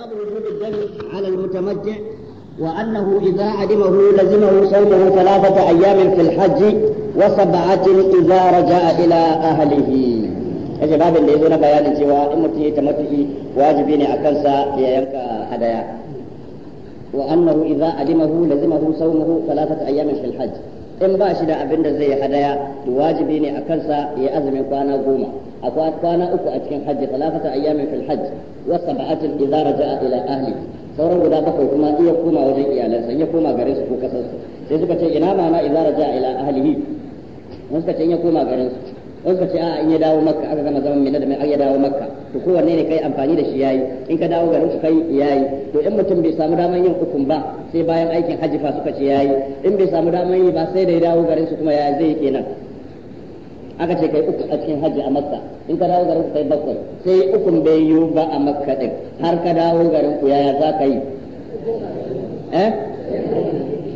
باب وجوب الدم على المتمجع وانه اذا علمه لزمه صومه ثلاثه ايام في الحج وسبعه اذا رجع الى اهله. اجي باب اللي يقول بيان جوا امتي تمتعي واجبين اكنسا يا يمكا هدايا. وانه اذا علمه لزمه صومه ثلاثه ايام في الحج. ان باشد ابن زي هدايا واجبين اكنسا يا ازمي قانا قومه. akwai kwana uku a cikin hajji talafata ayyamin fil hajj wa sab'atin idza raja'a ila ahli sauran guda bakwai kuma iya koma wajen iyalansa ya koma garin su ko kasar su sai suka ce ina ma'ana idza raja'a ila ahlihi wasu ka ce in ya koma garin su wasu suka ce a in ya dawo makka aka gama zaman mina da mai ya dawo makka to kowanne ne kai amfani da shi yayi in ka dawo garin ku kai yayi to in mutum bai samu daman yin ukun ba sai bayan aikin hajji fa suka ce yayi in bai samu daman yi ba sai da ya dawo garin su kuma yayi zai yi kenan aka ce kai uku a cikin hajji a makka in ka dawo garin ku kai bakwai sai ukun bai yiwu ba a makka din har ka dawo garin ku yaya za ka yi eh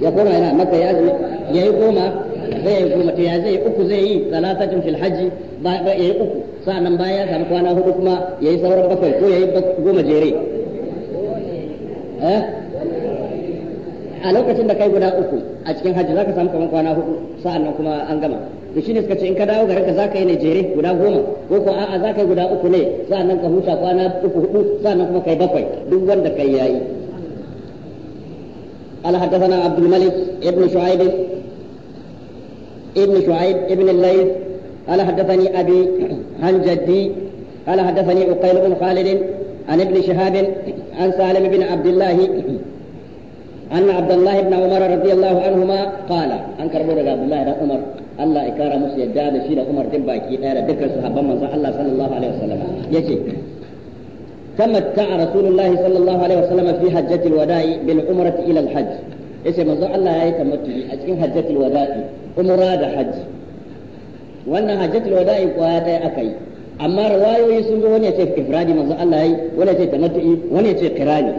ya koma yana makka ya zai ya yi goma zai yi goma ya zai uku zai yi salatatin fil hajji ba ya yi uku sa'annan baya ya samu kwana hudu kuma ya yi sauran bakwai ko ya yi goma jere eh a lokacin da kai guda uku a cikin hajji zaka samu kamar kwana hudu sa'an nan kuma an gama to shine suka ce in ka dawo garinka zaka yi ne jere guda goma ko ko a'a zaka yi guda uku ne sa'an nan ka huta kwana uku hudu sa'an nan kuma kai bakwai duk wanda kai yayi قال حدثنا عبد الملك ابن شعيب ابن شعيب ابن الليث قال حدثني أبي عن جدي قال حدثني أقيل بن خالد عن ابن شهاب عن سالم بن عبد الله أن عبد الله بن عمر رضي الله عنهما قال أنكر بورك عبد الله بن عمر Allah ya kara musu yadda da shi da Umar din baki daya da dukkan sahabban manzon Allah sallallahu alaihi wasallam yace tamatta rasulullah sallallahu alaihi wasallam fi hajjatil wada'i bil umrati ila hajj yace manzon Allah yayi tamattu'i a cikin hajjatil wada'i umra da hajji wannan hajjatil wada'i kwaya daya akai amma rawayoyi sun zo wani ya ce ifradi manzo Allah yayi wani ya ce tamattu'i wani ya ce qirani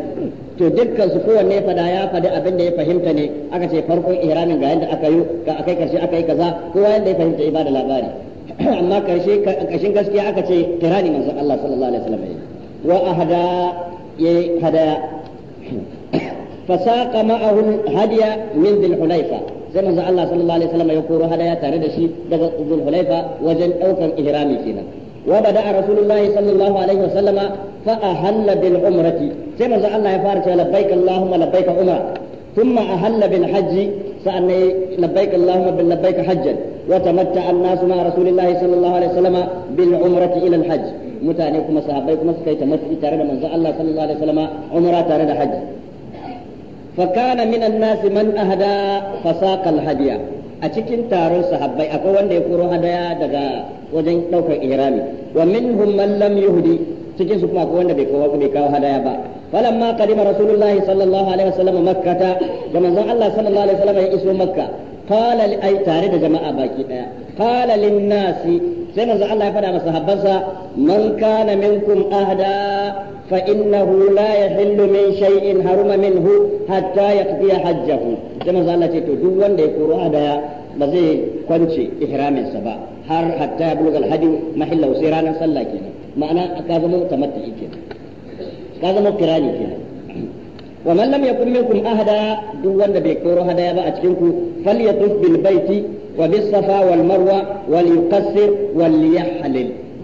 to dukkan su kowanne fada ya fada abin da ya fahimta ne aka ce farkon ihramin ga yanda aka yi ga akai karshe aka yi kaza kowa yanda ya fahimta ibada labari amma karshe kashin gaskiya aka ce qirani manzo Allah sallallahu alaihi wasallam wa ahada ya hada fasaqa ma'ahu hadiya min dhil hulaifa sai manzo Allah sallallahu alaihi wasallam ya koro hadaya tare da shi daga dhul hulaifa wajen daukan ihrami kenan وبدا رسول الله صلى الله عليه وسلم فاهل بالعمره سيما الله يفارق لبيك اللهم لبيك عمره ثم اهل بالحج فأني لبيك اللهم لبيك حجا وتمتع الناس مع رسول الله صلى الله عليه وسلم بالعمرة إلى الحج متاني كما صحابي كما سكي تمتع تارد من الله صلى الله عليه وسلم عمرة تارد حج فكان من الناس من أهدى فساق الهدي a cikin taron sahabbai akwai wanda ya koro hadaya daga wajen daukar ihrami wa minhum man lam yuhdi cikin su kuma akwai wanda bai kawo bai kawo hadaya ba falamma qadima rasulullahi sallallahu alaihi wasallam makkata da manzon Allah sallallahu alaihi wasallam ya iso makka qala ai tare da jama'a baki ɗaya qala lin nasi sai manzo Allah ya fada masa habbansa man kana minkum ahda fa innahu la yahillu min shay'in haruma minhu hatta yaqdi hajjahu sai Allah ce to duk wanda ya koro hadaya ba zai kwance ihramin sa ba har hatta ya bulugal hadi mahillahu sai ranar sallah kenan ma'ana ka zama mutamatti'i kenan ka zama kirani wa man lam yakun minkum ahada duk wanda bai koro hadaya ba a cikin ku falyatuf bil baiti wa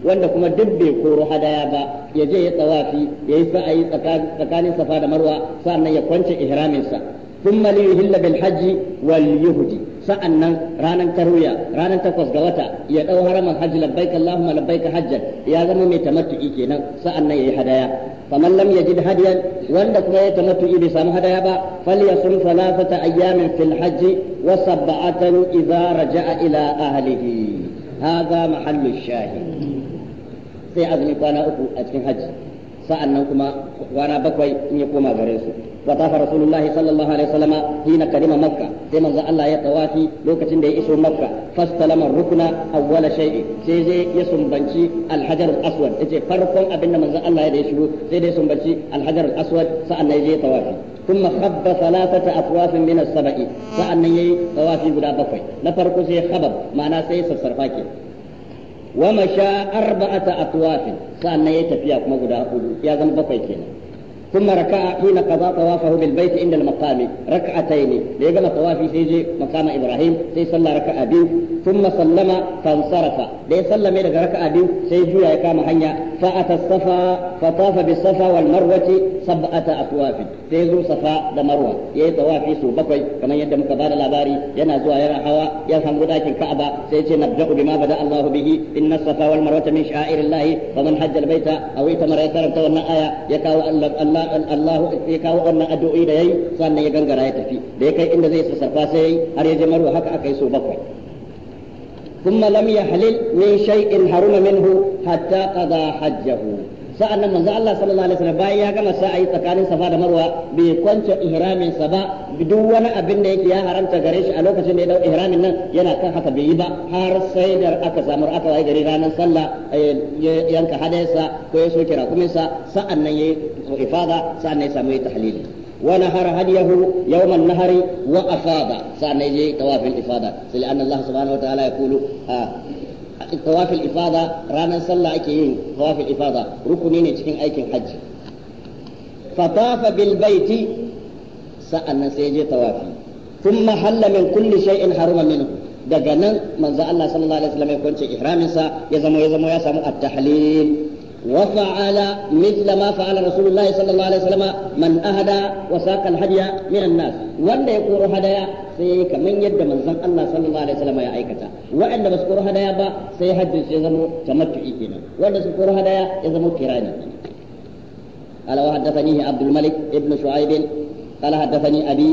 wanda kuma duk bai koro hadaya ba ya je ya tsawafi ya yi sa'ayi tsakanin safa da marwa sannan ya kwance ihramin sa thumma liyuhilla bil hajji wal yuhdi sa'annan ranar tarwiya ranar takwas ga wata ya dau haraman haji labbaik allahumma labbaik hajjan ya zama mai tamattu'i kenan sa'annan yayi hadaya faman lam yajid hadiyan wanda kuma ya tamattu bai samu hadaya ba falyasum thalathata ayyamin fil hajji wa sab'atan idza raja'a ila ahlihi hadha mahallu shahid sai azumi kwana uku a cikin hajji sa'annan kuma kwana bakwai in ya koma gare su wa tafa rasulullahi sallallahu alaihi wasallama hina kadima makka sai manzo Allah ya tawafi lokacin da ya iso makka fastalama rukna awwala shay'i sai zai ya sumbanci alhajar aswad yace farkon abinda manzo Allah ya da ya shiru sai da ya sumbanci alhajar aswad sa'annan ya je tawafi ثم خب ثلاثة أطواف من السبع فأن يي طوافي بلا بقوي نفرق سي خبب معناه سي سرفاكي wa masha arba'ata atwafin sannan ya tafiya kuma guda hudu ya zama bakwai kenan ثم ركع حين قضى طوافه بالبيت عند المقام ركعتين ليقل طوافي سيجي مقام ابراهيم سي صلى ركعة بيو ثم سلم فانصرف لي سلم الى ركعة بيو سيجي يا كام فأتى الصفا فطاف بالصفا والمروة سبعة أطواف سيزو صفا دمروة يا يي طوافي سو بكوي كما يدم كبار الأباري يا زوا ينا هوا يفهم ذاك الكعبة سيجي نبدأ بما بدأ الله به إن الصفا والمروة من شعائر الله فمن حج البيت أو ايتمر يسرم تولنا آية يكاو الله Allah Allahu sai kawo wannan addu'o'i da yayi sannan ya gangara ya tafi da ya kai inda zai sassafa sai har ya je marwa haka aka yi so bakwai ثم لم يحلل من شيء حرم منه حتى قضى حجه nan manzo Allah sallallahu alaihi wasallam bayan ya gama sa ayi tsakanin safa da marwa bai kwance ihramin sa ba duk wani abin da yake ya haramta gare shi a lokacin da ya dau ihramin nan yana kan haka bai yi ba har sai da aka samu aka waye gari ranar sallah eh, ya yanka hadayarsa ko ya soke rakuminsa sa'annan yayi ifada sa'annan ya samu tahlili ونهر هديه يوم النهر tawafin ifada طواف الإفاضة لأن الله سبحانه وتعالى يقول آه tawafil ifada ranar sallah ake yin tawafil ifada rukuni ne cikin aikin hajji fatafa bil baiti sa'annan sai je tawafi thumma halla min kulli shay'in haruma minhu daga nan manzo Allah sallallahu alaihi wasallam ya kwance ihramin sa ya zama ya zama ya samu at-tahlil وفعل مثل ما فعل رسول الله صلى الله عليه وسلم من أهدى وساق الهدي من الناس وأن يقول هدايا sai kamar yadda manzon Allah sallallahu alaihi wasallam ya aikata waɗanda ba su koro hadaya ba sai hajjin ya zama tamattu'i kenan wanda su koro hadaya ya zama kirani قال وحدثني عبد الملك ابن شعيب قال حدثني أبي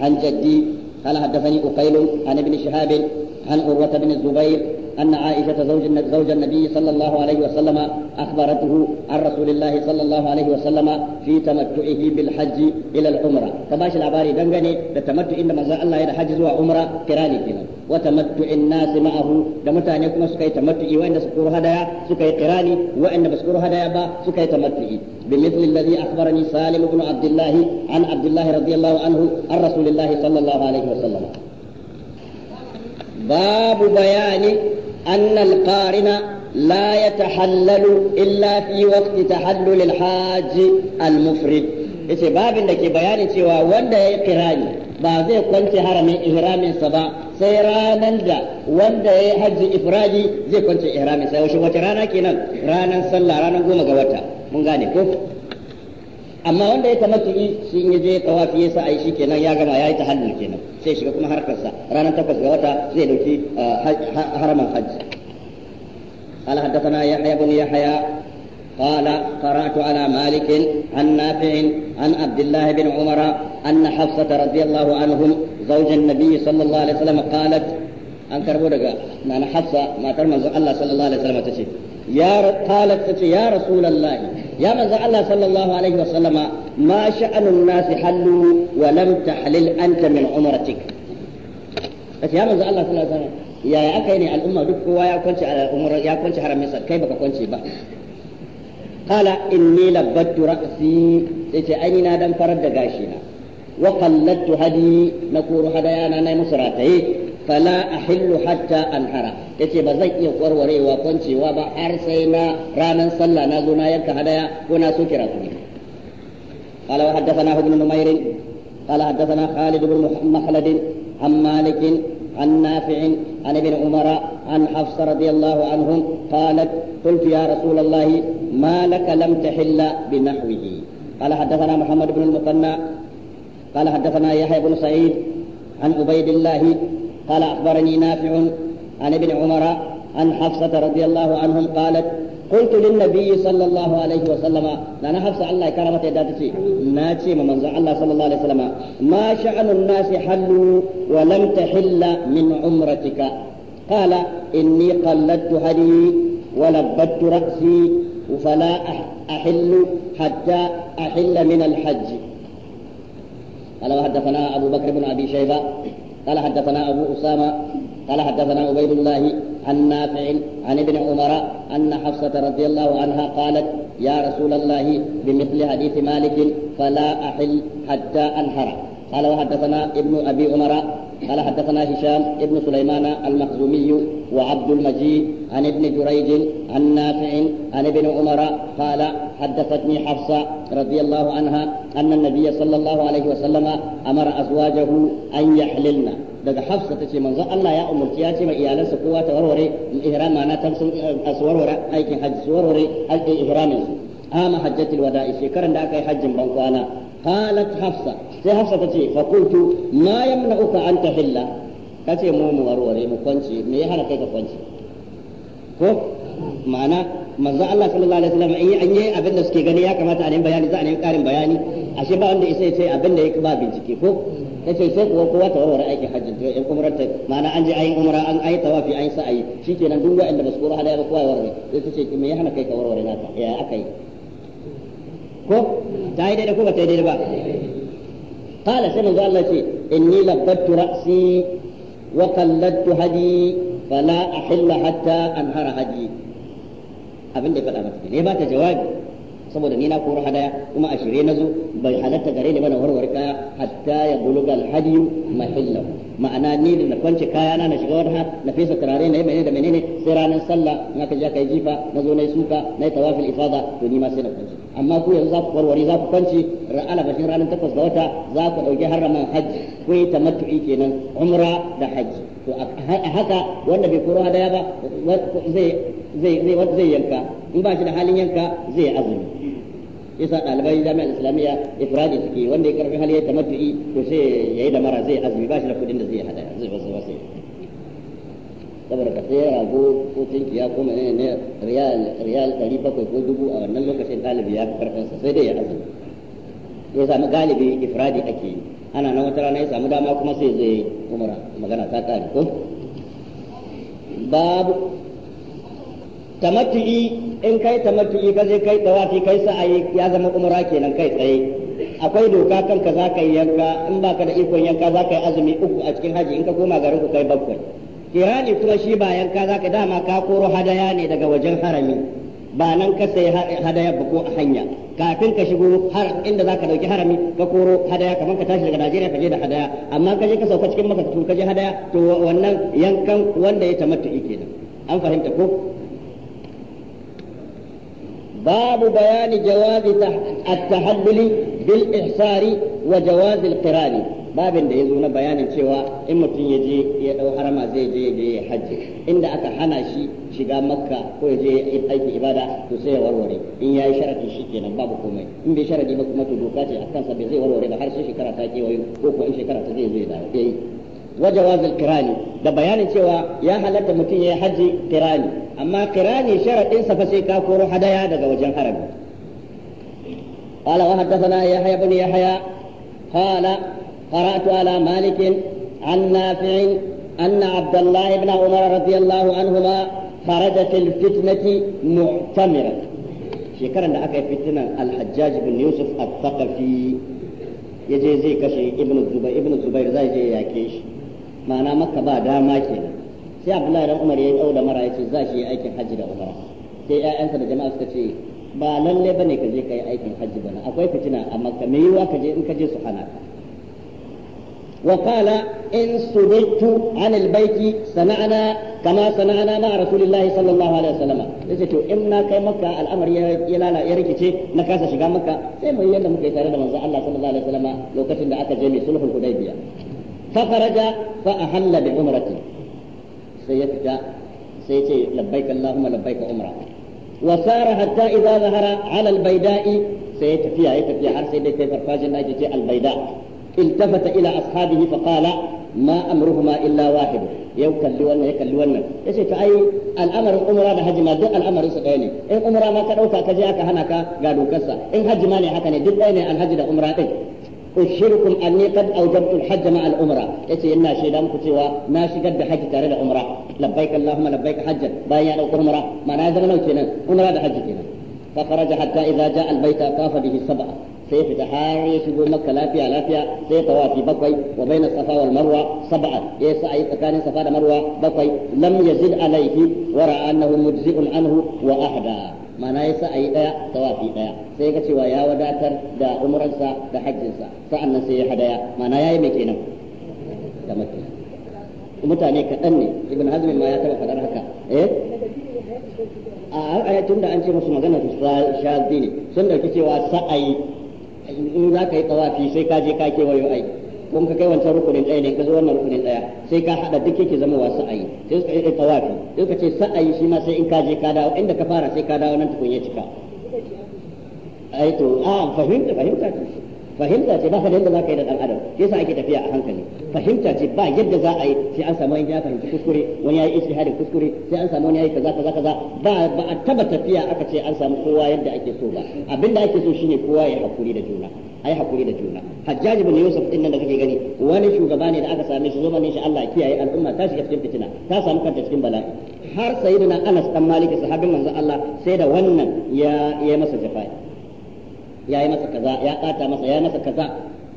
عن جدي قال حدثني أقيل عن ابن شهاب عن عروة بن الزبير أن عائشة زوج زوج النبي صلى الله عليه وسلم أخبرته عن رسول الله صلى الله عليه وسلم في تمتعه بالحج إلى العمرة فباش العباري دنغني لتمتع إن مزا الله إلى حج وعمرة كراني كنا وتمتع الناس معه دمتع يكون سكي تمتعي وإن سكور هدايا سكي قراني وإن بسكور هدايا با سكي تمتعي بمثل الذي أخبرني سالم بن عبد الله عن عبد الله رضي الله عنه عن رسول الله صلى الله عليه وسلم باب بيان أن القارن لا يتحلل إلا في وقت تحلل الحاج المفرد yace babin da ke bayani cewa wanda ya yi kirani ba zai kwanci haramin ihraminsa ba sai ranan da wanda ya yi hajji ifradi zai kwanci ihraminsa yaushe wace rana kenan ranar sallah ranar goma ga wata mun gane ko amma wanda ya tamattu'i shi ya je tawafi ya sa ai shi kenan ya gama yayi tahallul kenan sai shiga kuma harkarsa ranar takwas ga wata zai dauki ah, haraman hajji قال حدثنا يحيى بن يحيى قال قرأت على مالك عن نافع عن عبد الله بن عمر أن حفصة رضي الله عنهم زوج النبي صلى الله عليه وسلم قالت an karbo daga nana hafsa matar manzon Allah sallallahu tace ya qalat tace ya manzo Allah sallallahu alaihi wa sallama ma sha'anun nasi hallu wa lam tahlil anta min umratik kace ya manzo Allah sallallahu alaihi wa sallama yaya aka yi ne al'umma duk kowa ya kwance al'umma ya kwance haramin sa kai baka kwance ba qala inni labbattu ra'si sai ce ai na dan farar da gashi wa qallattu hadi na koro hadayana na nayi musu rataye فلا أحل حتى أنحر يتي ba zan وري وقنشي kwancewa حرسينا رانا صلى نازونا ranar هدايا كنا سكرة قال وحدثنا ابن نمير قال حدثنا خالد بن مخلد عن مالك عن نافع عن ابن عمر عن حفصة رضي الله عنهم قالت قلت يا رسول الله ما لك لم تحل بنحوه قال حدثنا محمد بن المثنى قال حدثنا يحيى بن سعيد عن عبيد الله قال أخبرني نافع عن ابن عمر عن حفصة رضي الله عنهم قالت قلت للنبي صلى الله عليه وسلم أنا حفصة الله كرمت يداتي ناتي من الله صلى الله عليه وسلم ما شأن الناس حلوا ولم تحل من عمرتك قال إني قلدت هدي ولبت رأسي فلا أحل حتى أحل من الحج قال وحدثنا أبو بكر بن أبي شيبة قال حدثنا أبو أسامة قال حدثنا عبيد الله عن نافع عن ابن عمر أن حفصة رضي الله عنها قالت يا رسول الله بمثل حديث مالك فلا أحل حتى أنحر قال وحدثنا ابن أبي عمر قال حدثنا هشام ابن سليمان المخزومي وعبد المجيد عن ابن جريج عن نافع عن ابن عمر قال حدثتني حفصة رضي الله عنها أن النبي صلى الله عليه وسلم أمر أزواجه أن يحللن daga Hafsa tace manzon Allah ya umarci ya ce ma iyalansa kowa ta warware ihram ma na tamsu aswarware aikin hajji warware aikin ihramin ama hajjatul wada'i shekaran da aka yi hajjin ban kwana قالت حفصة سي حفصة تتي فقلت ما يمنعك أن تحل كتي موم وروري مكونشي ميهانا كيك كونشي ko ma'ana manzo Allah sallallahu alaihi wasallam in an yi abin da suke gani ya kamata a nemi bayani za a nemi karin bayani ashe ba wanda isa ce abin da yake ba bincike ko yace sai kuwa kowa ta warware aikin hajji to in umrar ta ma'ana an je ayin umra an ayi tawafi an sa'ayi shikenan duk wanda ba su kora hadaya ba kowa ya warware sai tace me ya hana kai ka warware naka ya akai ko ta yi daidai ko ba ta yi daidai ba qala sai manzo Allah ce inni labbattu ra'si wa qalladtu hadi fala ahilla hatta anhara hadi abin da faɗa mata ne ba ta jawabi saboda ni na koro hadaya kuma a shirye na zo bai halatta gare ni ba warware kaya hatta ya buluga alhadiyu mahillahu ma'ana ni da na kwance kaya na na shiga wani ha na fesa turare na yi menene da menene sai ranar sallah in aka je aka yi jifa na zo na yi suka na yi tawafil ifada to ni ma sai na kwance amma ku yanzu za ku warware za ku kwanci ra'ala bashin ranar takwas ga wata za ku ɗauki haraman hajji ku yi tamattu'i kenan umra da hajji to a haka wanda bai koro hadaya ba zai zai zai yanka in ba shi da halin yanka zai azumi yasa ɗalibai jami'ar islamiyya ifradi suke wanda ya karfi hali ya tamattu'i to sai yi da mara zai azumi ba shi da kuɗin da zai hadaya zai wasu wasu saboda ka sai rago ko tinkiya ya menene ne riyal riyal 700 ko dubu a wannan lokacin ɗalibi ya fi karfin sa sai dai ya azumi ya samu galibi ifradi ake yi ana nan wata rana ya samu dama kuma sai zai umara magana ta kare ko babu tamattu'i in kai tamattu'i ka je kai tawafi kai sa'ayi ya zama umara kenan kai tsaye akwai doka kanka za ka yi yanka in baka da ikon yanka za ka yi azumi uku a cikin haji in ka koma garin ku kai bakwai kirani kuma shi ba yanka zaka dama ka koro hadaya ne daga wajen harami ba nan ka sai hadaya ba ko a hanya kafin ka shigo har inda zaka dauki harami ka koro hadaya kamar ka tashi daga Najeriya ka je da hadaya amma ka je ka sauka cikin maka ka je hadaya to wannan yankan wanda ya tamattu nan an fahimta ko babu bayani باب bil ihsari wa jawazi al qirani. babin da ya zo na bayanin cewa in mutum ya je ya ɗau harama zai je ya hajji inda aka hana shi shiga makka ko ya je aiki ibada to sai ya warware in ya yi sharadi shi kenan babu komai in bai sharadi ba kuma to doka ce a kansa bai zai warware ba har sai shekara ta kewayo ko kuma in shekara ta zai zo ya dawo yayi وجواز kirani da bayanin cewa ya halatta mutum ya yi hajji kirani amma kirani sharadinsa fa sai ka koro hadaya daga wajen harami قال وحدثنا يحيى بن يحيى قال قرأت على مالك عن نافع أن عبد الله بن عمر رضي الله عنهما خرج في الفتنة معتمرا شكرا لك فتنة الحجاج بن يوسف الثقفي يجي زي كشي ابن الزبير ابن الزبير زي جي ياكيش معنى مكة بعد ما كنا sai Abdullahi dan Umar yayi aure mara yace za shi aikin hajji da umara sai ƴaƴansa da jama'a suka ce ba lalle bane ka je kai aikin hajji bana akwai fitina amma ka me je in ka je su hana وقال إن صدقت عن البيت صنعنا كما صنعنا مع رسول الله صلى الله عليه وسلم yace to in na kai maka al'amari ya rikice na kasa shiga maka sai mu yanda muke tare da manzo Allah sallallahu alaihi wasallam lokacin da aka je mai sulhul hudaybiya fa faraja fa ahalla bi umrati sai ya fita sai ce labbaik allahumma labbaik umra wa sara sai tafiya ya tafiya har sai dai da ake ce التفت إلى أصحابه فقال ما أمرهما إلا واحد يوكل لونا يكل لونا إيش أي الأمر الأمر هذا هجما دو الأمر سديني إن أمر ما كروكا كجاك هناك قالوا كسا إن هجماني حكني دبيني الهجد دا أمر إيه أشيركم أني قد أوجبت الحج مع الأمرة إيش إن شيدا كتوا ناشي قد حج ترى الأمرة لبيك اللهم لبيك حجا بايع أو أمرة ما نازل نوتينا أمرة حج فخرج حتى إذا جاء البيت طاف به سبعة sai fita har ya shigo makka lafiya lafiya sai tawafi bakwai wa baina safa wal marwa sab'a ya sa ayi tsakanin safa da marwa bakwai lam yazid alayhi wa ra'a annahu mujzi'un anhu wa ahda mana ya sa ayi daya tawafi daya sai ga cewa ya wadatar da umransa da hajjinsa sa'annan sai ya hadaya mana yayi mai kenan da makka mutane kaɗan ne ibn hazmin ma ya taba faɗar haka eh a ayatun da an ce musu magana su sha ne sun dauki cewa sa'ayi in za ka yi tawafi sai ka je ka kewayo ai kun ka kai wancan rukunin ɗaya ne ka zo wannan rukunin ɗaya sai ka haɗa duk yake zama wa sa'ayi sai suka yi tawafi sai ka ce sa'ayi shi ma sai in ka je ka dawo inda ka fara sai ka dawo nan tukun ya cika ai to a fahimta fahimta fahimta ce ba ka da yadda za ka yi da ɗan adam shi yasa ake tafiya a hankali fahimta ce ba yadda za a yi sai an samu wani ya fahimci kuskure wani ya yi ijtihadin kuskure sai an samu wani ya yi kaza kaza kaza ba ba a taba tafiya aka ce an samu kowa yadda ake so ba abinda ake so shine kowa ya hakuri da juna ai hakuri da juna hajjaji bin yusuf din nan da kake gani wani shugaba ne da aka same shi zamanin shi Allah kiyaye al'umma ta shiga cikin fitina ta samu kanta cikin bala'i har sayyidina Anas dan Malik sahabin manzon Allah sai da wannan ya ya masa jafa'i ya yi masa kaza ya kata masa ya masa kaza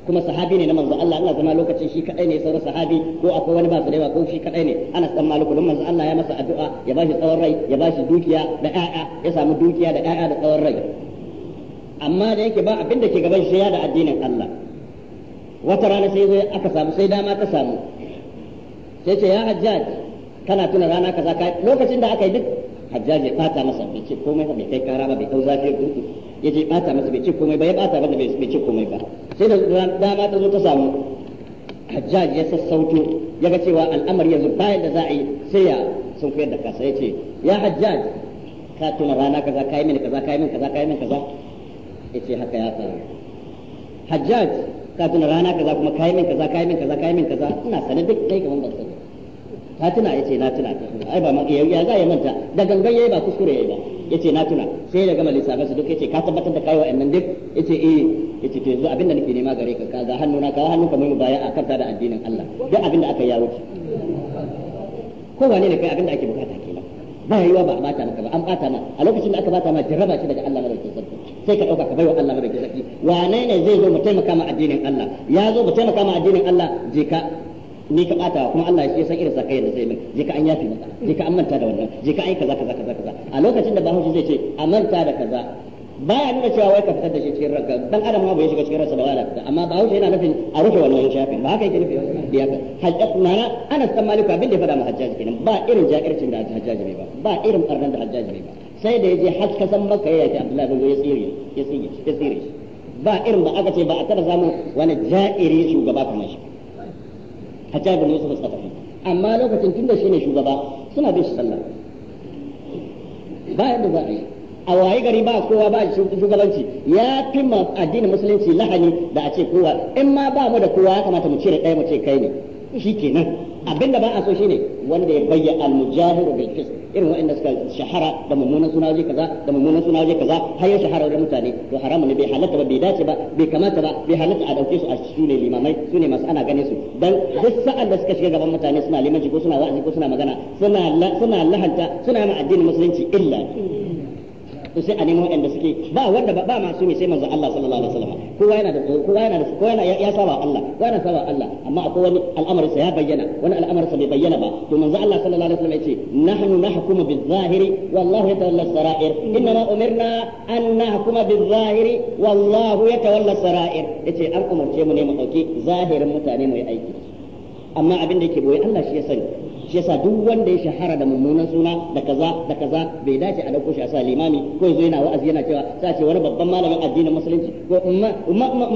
kuma sahabi ne na manzo Allah ina zama lokacin shi kadai ne sauran sahabi ko akwai wani ba su da ko shi kadai ne ana san maliku don manzo Allah ya masa addu'a ya bashi tsawon rai ya bashi dukiya da ƴaƴa ya samu dukiya da ƴaƴa da tsawon rai amma da yake ba abin da ke gaban shi ya da addinin Allah wata rana sai zai aka samu sai dama ta samu sai ce ya hajjaj kana tuna rana kaza ka lokacin da aka yi duk hajjaj ya fata masa bai ce komai ba bai kai kara ba bai dau zafi ya ya je bata masa bai ce komai ba ya bata masa bai ce komai ba sai da dama ta zo ta samu hajjaj ya sassauto ya ga cewa al'amari yanzu bayan da za a yi sai ya sun koyar da kasa ya ce ya hajjaj ka tuna rana kaza ka yi mini kaza ka yi mini kaza ka yi mini kaza ya ce haka ya faru hajjaj ka tuna rana kaza kuma ka yi mini kaza ka yi mini kaza ka yi mini kaza ina sanar duk kai kamar ban sani ka tuna ya ce na tuna ai ba ma ya za ya manta da gangan ya yi ba kuskure ya yi ba yace na tuna sai ya gama lissafin su duk yace ka tabbatar da kai annan duk yace eh yace to yanzu abinda nake nema gare ka ga hannuna ka hannu ka mai baya akan ta da addinin Allah duk abinda aka yaro ko wane ne kai abinda ake bukata kenan ba yayiwa ba a bata maka ba an bata ma a lokacin da aka bata ma jarraba ce daga Allah madaukakin sarki sai ka dauka ka baiwa Allah madaukakin sarki wane ne zai zo mu taimaka ma addinin Allah ya zo mu taimaka ma addinin Allah je ka ni ka bata kuma Allah shi san irin sakayen da zai mai je ka an yafi maka je ka an manta da wannan je ka ai kaza kaza kaza kaza a lokacin da bahaushe zai ce a manta da kaza baya nuna cewa wai ka fitar da shi cikin ranka dan adam ma bai shiga cikin ransa ba wala fita amma ba hausa yana nufin a rufe wannan shafin ba haka yake nufi da yaka hajjat mana ana san maliku abin da ya fada ma hajjaji kenan ba irin ja'ircin da hajjaji bai ba ba irin barnan da hajjaji bai ba sai da yaje har kasan makka ya yaki abdullahi bin ya tsire ya tsire ya tsire ba irin ba aka ce ba a tara samun wani ja'iri shugaba kamar shi Hajjaj bin Yusuf Sakafi amma lokacin tunda ne shugaba suna bin shi sallah ba yadda za a yi a waye gari ba kowa ba shugabanci ya fi addinin musulunci lahani da a ce kowa in ma ba mu da kowa ya kamata mu cire ɗaya mu ce kai ne shi kenan abinda ba a so shi ne wanda ya bayya al-mujahir bil fisq irin wanda suka shahara da mummunan suna waje kaza da mummunan suna waje kaza har ya shahara da mutane to haramun ne bai halatta ba bai dace ba bai kamata ba bai halatta a dauke su a su limamai su ne masu ana gane su dan duk sa'an da suka shiga gaban mutane suna limanci ko suna wa'azi ko suna magana suna suna lahanta suna ma addinin musulunci illa to sai a nemo inda suke ba wanda ba masu ne sai manzo Allah sallallahu alaihi wasallam kowa yana da kowa yana da kowa yana ya saba Allah kowa yana saba Allah amma akwai wani al'amari sa ya bayyana wani al'amari sa bai bayyana ba to manzo Allah sallallahu alaihi wasallam yace nahnu nahkumu bil-zahiri wallahu yatawalla as-sara'ir inna umirna an nahkuma bil-zahiri wallahu yatawalla as-sara'ir yace an umarce mu ne mu dauki zahirin mutane mu yi aiki amma abin da yake boye Allah shi ya sani shi yasa duk wanda ya shahara da mummunan suna da kaza da kaza bai dace a dauko shi a sa limami ko yanzu yana wa'azi yana cewa sa ce wani babban malamin addinin musulunci ko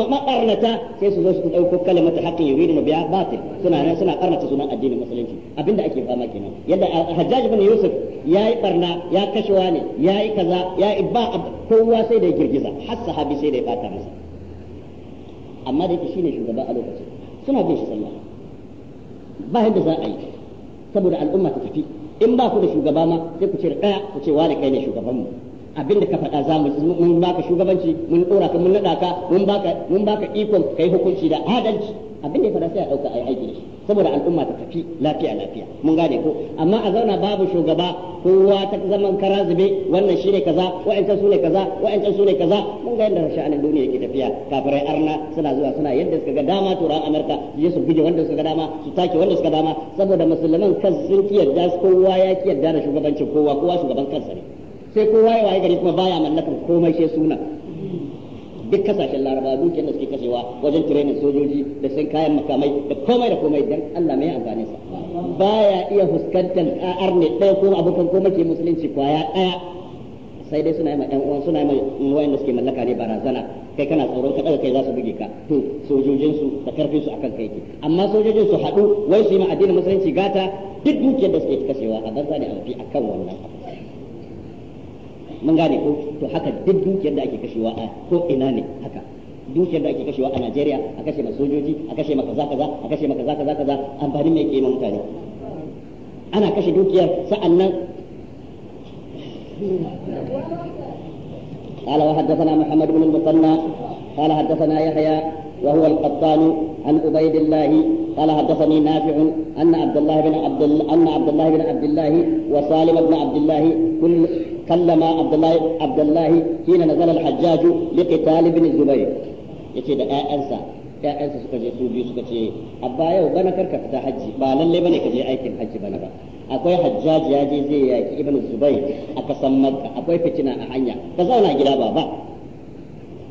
makarnata sai su zo su dauko kalmata haqqin yuridu biya batil suna nan suna karnata sunan addinin musulunci abinda ake fama kenan yadda ah, Hajjaj ibn Yusuf yayi barna ya kashewa ne yayi yi kaza ya yi ba kowa sai da girgiza har sahabi sai da ya bata masa amma da shi ne shugaba a lokacin suna bin shi sallah ba yadda za a yi saboda al'umma ta tafi in ba ku da shugaba ma sai ku ce ɗaya ku ce wani kai ne shugabanmu abin da ka faɗa za mu mun baka shugabanci mun ɗora ka mun naɗa ka mun baka ikon ka yi hukunci da adalci abin da ya ya sai a yi aiki shi saboda al'umma ta tafi lafiya lafiya mun gane ko amma a zauna babu shugaba kowa ta zaman kara zube wannan shine kaza wa'ancan sune kaza wa'ancan sune kaza mun ga yadda sha'anin duniya yake tafiya kafirai arna suna zuwa suna yadda suka ga dama turan amurka su je su buge wanda suka ga dama su take wanda suka dama saboda musulman kan sun kiyarda kowa ya kiyarda da shugabancin kowa kowa shugaban kansa ne sai kowa ya waye gari kuma baya mallakar komai sai suna duk kasashen laraba dukiyar da suke kashewa wajen training sojoji da sun kayan makamai da komai da komai dan Allah mai amfani sa baya iya fuskantar ar ne ɗaya ko abokan ko make musulunci kwaya ɗaya sai dai suna yi ma uwan suna yi ma da suke mallaka ne barazana kai kana tsoron ka ɗaga kai za su buge ka to sojojin su da karfin su akan kai amma sojojin su haɗu wai su yi ma addinin musulunci gata duk dukiyar da suke kashewa a banza ne a akan wannan mun gane ko to haka duk dukiyar da ake kashewa a ko ina ne haka dukiyar da ake kashewa a Najeriya a kashe ma sojoji a kashe ma kaza kaza a kashe ma kaza kaza kaza amfani mai ke mutane ana kashe dukiyar sa'annan قال وحدثنا محمد بن المثنى قال حدثنا يحيى وهو القطان عن عبيد الله قال حدثني نافع ان عبد الله بن عبد ان عبد الله بن عبد الله وسالم بن عبد الله كل كلم عبد الله عبد الله حين نزل الحجاج لقتال ابن الزبير يتي دا انسا دا انسا سكو جي سوبي سكو جي ابا يو بنا كركف دا حج با للي بني كجي ايكن حج بنا با حجاج يا جي زي يا ابن الزبير اكسمك اكوي فتنا احنيا تزاونا جلا بابا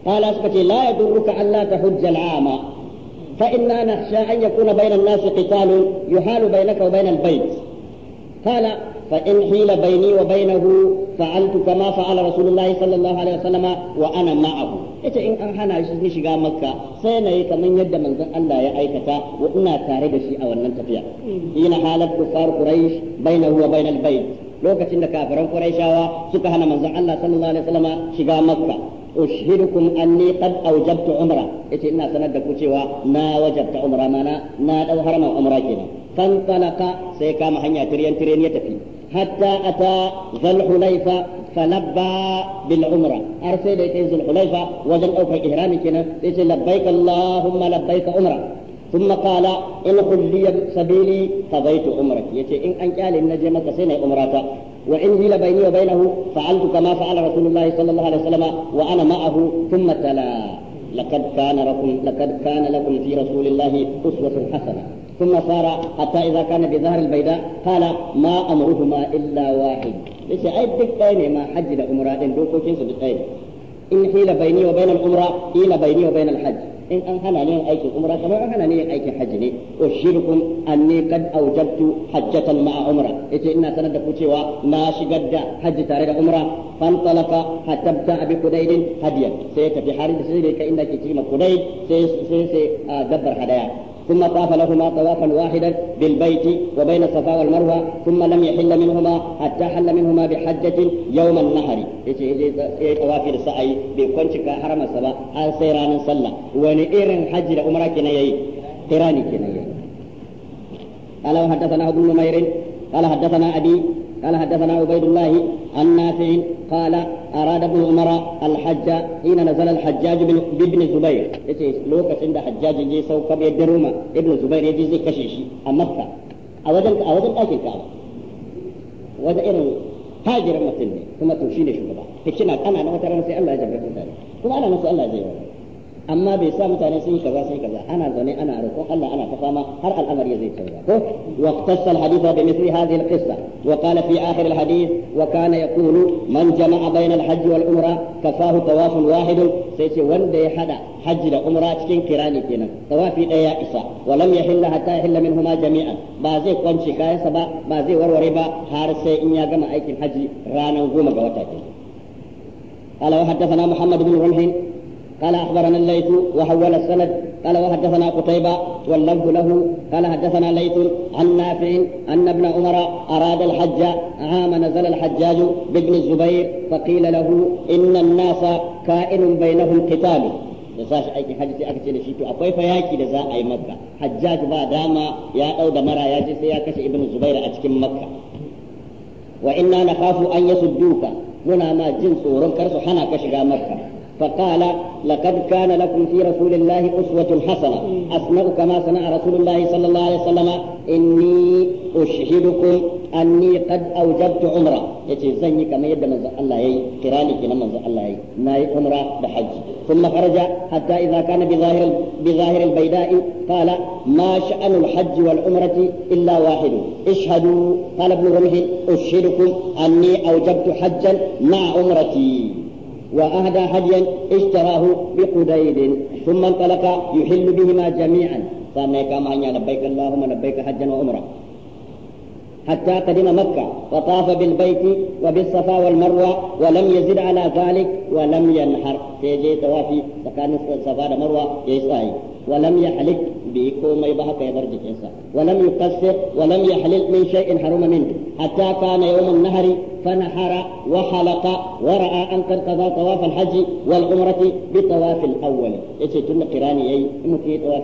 قال سكو لا يدرك ان لا تحج العام فإنا نخشى أن يكون بين الناس قتال يحال بينك وبين البيت قال فإن حيل بيني وبينه فعلت كما فعل رسول الله صلى الله عليه وسلم وأنا معه ita in an hana shi zai shiga makka sai na kamar yadda manzon Allah ya aikata wa ina tare da shi a wannan tafiya ina halar kufar quraish bainahu wa bainal bayt lokacin da kafiran quraishawa suka hana manzon Allah sallallahu alaihi wasallam shiga makka أشهدكم أني قد أوجبت عمرة إتي إنا سند كوتشيوا ما وجبت عمرة مانا ما أو هرم عمرة كنا فانطلق سيكام هنيا تريان تريان يتفي حتى أتى ذا الحليفة فلبى بالعمرة أرسل إلى ذو الحليفة وجن أو في إهرام لبيك اللهم لبيك عمرة ثم قال إن لي سبيلي قضيت عمرك يتي إن أنك آل إن جمك سنة عمرك وإن هي بيني وبينه فعلت كما فعل رسول الله صلى الله عليه وسلم وأنا معه ثم تلا لقد كان لكم لقد كان لكم في رسول الله أسوة حسنة ثم صار حتى إذا كان بظهر البيداء قال ما أمرهما إلا واحد ليش أي دقيقة ما حج لأمرأة دوكو كيس دقيقة إن حيل بيني وبين الأمرأة حيل بيني وبين الحج in an hana ni yin aikin umra kamar an hana ni yin aikin hajji ne ushirkum anni qad awjabtu hajjatan ma'a umra yace ina sanar da ku cewa na shigar da hajji tare da umra fan talaka hatta ta abi kudaydin hadiyan sai tafi har da sai kai inda ke cewa kudayd sai hadaya ثم طاف لهما طوافا واحدا بالبيت وبين الصفا والمروة ثم لم يحل منهما حتى حل منهما بحجة يوم النهر طوافي السعي بكونشك حرم السبا هل سيران صلى ونئر حج عمرك كنيي قراني كنيي قال وحدثنا ابن نمير قال حدثنا أبي قال حدثنا عبيد الله عن نافع قال أراد ابن عمر الحج حين نزل الحجاج بابن زبير يتي لوكا عند حجاج يجي سو كم يدروما ابن زبير يجي زي كشيشي أمكة أوجن أوجن أكل كعبة وذا إنه هاجر مثلني ثم تمشي لي شو كنا أنا أنا وترى نسأل الله يجبرك كنا أنا نسأل الله يجبرك amma bai sa mutane sun yi kaza sun yi kaza ana zane ana roƙon Allah ana ta fama har al'amari zai canza ko wa qassa al-hadith bi mithli hadhihi al-qissa wa qala fi akhir al-hadith wa kana yaqulu man jama'a bayna al-hajj wal umra kafahu tawafun wahid sai ce wanda ya hada hajji da umra cikin kirani kenan tawafi daya ya isa wa lam yahilla hatta yahilla minhuma jami'an ba zai kwance kayansa ba ba zai warware ba har sai in ya gama aikin haji ranar goma ga wata kenan قال وحدثنا محمد بن رمح قال اخبرنا الليث وحول السند قال وحدثنا قتيبه واللفظ له قال حدثنا ليث عن نافع ان ابن عمر اراد الحج عام نزل الحجاج بابن الزبير فقيل له ان الناس كائن بينهم قتال لساش أي حاجة أكثر لشيتو أقوي فيا كده زا أي مكة حجاج بعد ما يا أو دمرا يا جس يا كش ابن الزبير أتكم مكة وإنا نخاف أن يسدوك منا ما جنس ورم كرس حنا كش جا مكة فقال لقد كان لكم في رسول الله أسوة حسنة أسمع كما سمع رسول الله صلى الله عليه وسلم إني أشهدكم أني قد أوجبت عمرة يتي زني كما يد من الله يي قراني كنا من الله يي ناي عمرة بحج ثم خرج حتى إذا كان بظاهر بظاهر البيداء قال ما شأن الحج والعمرة إلا واحد اشهدوا قال ابن رمح أشهدكم أني أوجبت حجا مع عمرتي وأهدى هديا اشتراه بقديد ثم انطلق يحل بهما جميعا فما كان كما لبيك اللهم لبيك حجا وعمرا حتى قدم مكة وطاف بالبيت وبالصفا والمروة ولم يزد على ذلك ولم ينحر في جيت وفي سكان الصفا والمروة يسعي ولم يحلق بكومي بهك يدرج كيسا ولم يكسر ولم يحلل من شيء حرم منه حتى كان يوم النهر فنحر وحلق ورأى أن قد قضى طواف الحج والعمرة بطواف الأول إيش تن قراني أي مكي طواف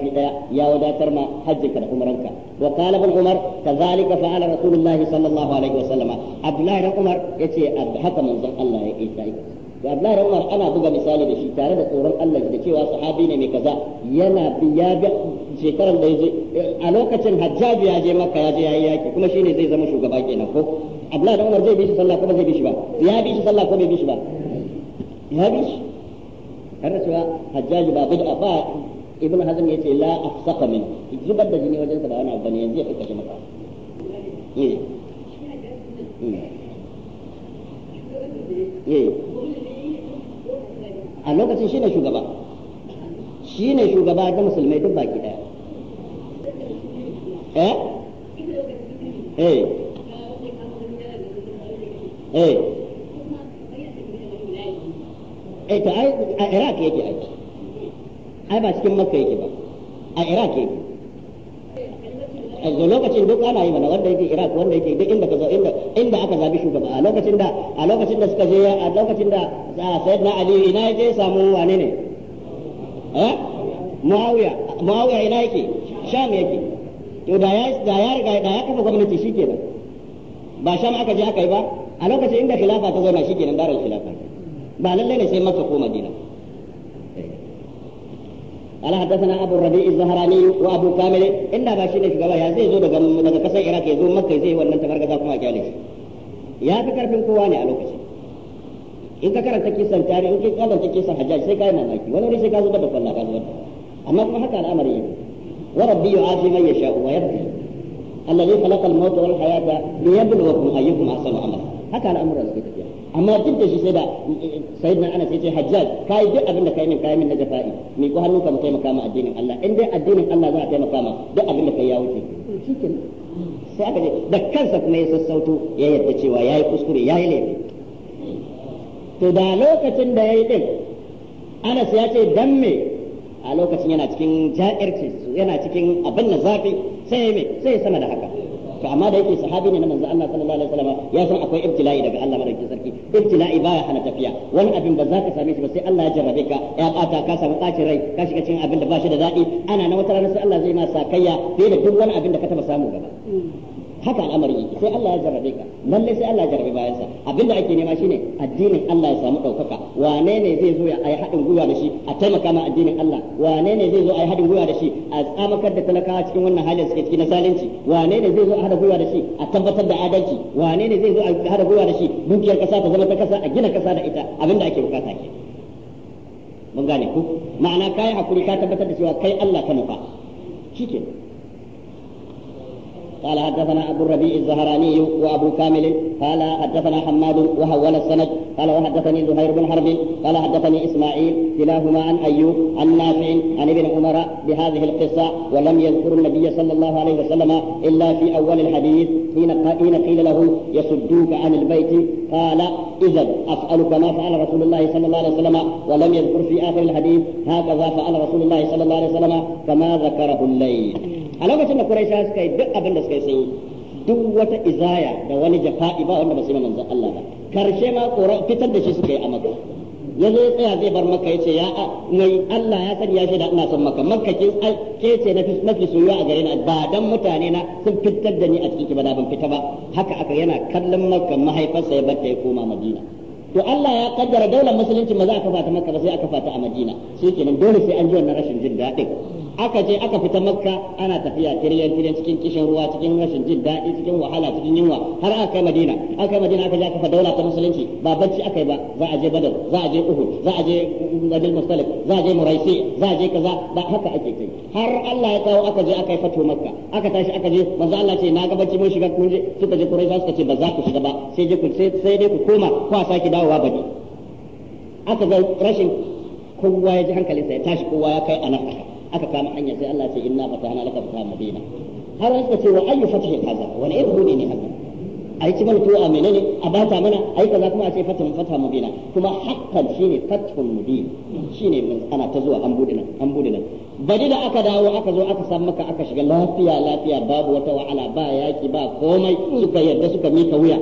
يا ودا ترمى حجك عمرك وقال ابن عمر كذلك فعل رسول الله صلى الله عليه وسلم عبد الله بن عمر يجي حكم الله إيش da Abdullahi Umar ana buga misali da shi tare da tsoron Allah da cewa sahabi ne mai kaza yana biya ga shekaran da yaje a lokacin Hajjaji ya je Makka ya je yayi yaki kuma shine zai zama shugaba kenan ko Abdullahi dan Umar zai bi shi sallah kuma zai bi shi ba ya bi shi sallah ko bai bi shi ba ya bi shi har cewa Hajjaji ba bid'a ba Ibn Hazm yace la afsaqa min zubar da jini wajen sa ba wani abu ne yanzu ya fi kashe maka eh eh, eh. a lokacin shine shugaba shine shugaba ga musulmai duk baki daya eh eh eh eh to ai a Iraq yake aiki ai ba cikin Makka yake ba a Iraq yake a lokacin duk ana yi mana wanda yake Iraq wanda yake duk inda zo inda inda aka zabi shugaba a lokacin da a lokacin da suka je a lokacin da Sayyidina Ali ina yake samu wane ne eh Muawiya Muawiya ina yake Sham yake to da ya da ya riga da ya kafa gwamnati shikenan ba Sham aka je aka yi ba a lokacin inda khilafa ta na shikenan darul khilafa ba lalle ne sai Makka ko Madina قال حدثنا ابو الربيع الزهراني وابو كامل ان باشي ne shugaba ya zai zo daga daga ya zo makka zai wannan tabargaza kuma kyale shi ya fi karfin kowa ne a lokacin in ka karanta kisan tare in ka karanta kisan hajjaj sai kai mamaki wani wuri sai ka amma duk da shi sai da sayyidina ana sai ce hajjaj kai duk abin da kai min kai min na jafa'i ni ko hannunka mu taimaka ma addinin Allah in dai addinin Allah za a taimaka ma duk abin da kai ya wuce shikenan sai aka ce da kansa kuma ya sassauto ya yadda cewa yayi kuskure yayi laifi to da lokacin da yayi din Anas ya ce dan me a lokacin yana cikin ja'irci yana cikin abin da zafi sai me sai sama da haka to amma da yake sahabi ne na manzo Allah sallallahu alaihi wasallam ya san akwai ibtila'i daga Allah madaukakin sarki ibtila'i baya hana tafiya wani abin ba za ka same shi ba sai Allah ya jarrabe ka ya bata ka samu tsacin rai ka shiga cikin abin da ba shi da daɗi ana na wata rana sai Allah zai ma sakayya fiye da duk wani abin da ka taba samu gaba haka al'amari yake sai Allah ya jarrabe ka lalle sai Allah ya jarrabe bayansa abinda ake nema shine addinin Allah ya samu ɗaukaka wane ne zai zo ya ayi haɗin gwiwa da shi a taimaka ma addinin Allah wane ne zai zo ayi haɗin gwiwa da shi a tsamakar da talakawa cikin wannan halin suke ciki na zalunci wane ne zai zo a haɗa gwiwa da shi a tabbatar da adalci wane ne zai zo a haɗa gwiwa da shi dukiyar ƙasa ta zama ta ƙasa a gina ƙasa da ita abinda ake bukata ke mun gane ku ma'ana kai hakuri ka tabbatar da cewa kai Allah ka nufa shikenan قال حدثنا ابو الربيع الزهراني وابو كامل قال حدثنا حماد وهول السند قال وحدثني زهير بن حرب قال حدثني اسماعيل كلاهما عن ايوب عن نافع عن ابن عمر بهذه القصه ولم يذكر النبي صلى الله عليه وسلم الا في اول الحديث حين حين قيل له يصدوك عن البيت قال اذا اسالك ما فعل رسول الله صلى الله عليه وسلم ولم يذكر في اخر الحديث هكذا فعل رسول الله صلى الله عليه وسلم كما ذكره الليل a lokacin da Quraisha suka yi duk abin da suka yi duk wata izaya da wani jafa'i ba wanda ba su yi manzon Allah ba karshe ma fitar da shi suka yi a maka ya zo tsaya zai bar maka yace ya mai Allah ya san ya shaida ina son maka maka ke ce na fi mafi a gare na ba dan mutane na sun fitar da ni a cikin ba da ban fita ba haka aka yana kallon maka mahaifarsa ya bar ta ya koma Madina to Allah ya kaddara daular musulunci ma za a kafa ta Makka ba sai aka fata a Madina nan dole sai an ji wannan rashin jin daɗin aka je aka fita Makka ana tafiya kiryan kiryan cikin kishin ruwa cikin rashin jin daɗi cikin wahala cikin yunwa har aka kai Madina aka kai Madina aka je aka fata daular ta musulunci ba bacci aka yi ba za a je Badar za a je Uhud za a je Nabil Mustalif za a je Muraisi za a je kaza ba haka ake kai har Allah ya kawo aka je aka yi fato Makka aka tashi aka je manzo Allah ce na ga bacci mun shiga kun je suka je Quraysh suka ce ba za ku shiga ba sai je ku sai dai ku koma ku sake dawo kawowa ba ne aka ga rashin kowa ya ji hankalinsa ya tashi kowa ya kai a nan aka kama hanya sai Allah ya ce inna fatahna laka fatahan mubina har suka ce wa ayyu fatahin kaza wani irin bude ne haka a yi ci mana tuwo a menene a bata mana a yi kaza kuma a ce fatahun fatah mubina kuma hakan shine fatahun mubin shine mun ana ta zuwa an buɗe nan an buɗe nan bari da aka dawo aka zo aka san maka aka shiga lafiya lafiya babu wata wahala ba yaki ba komai suka yarda suka mika wuya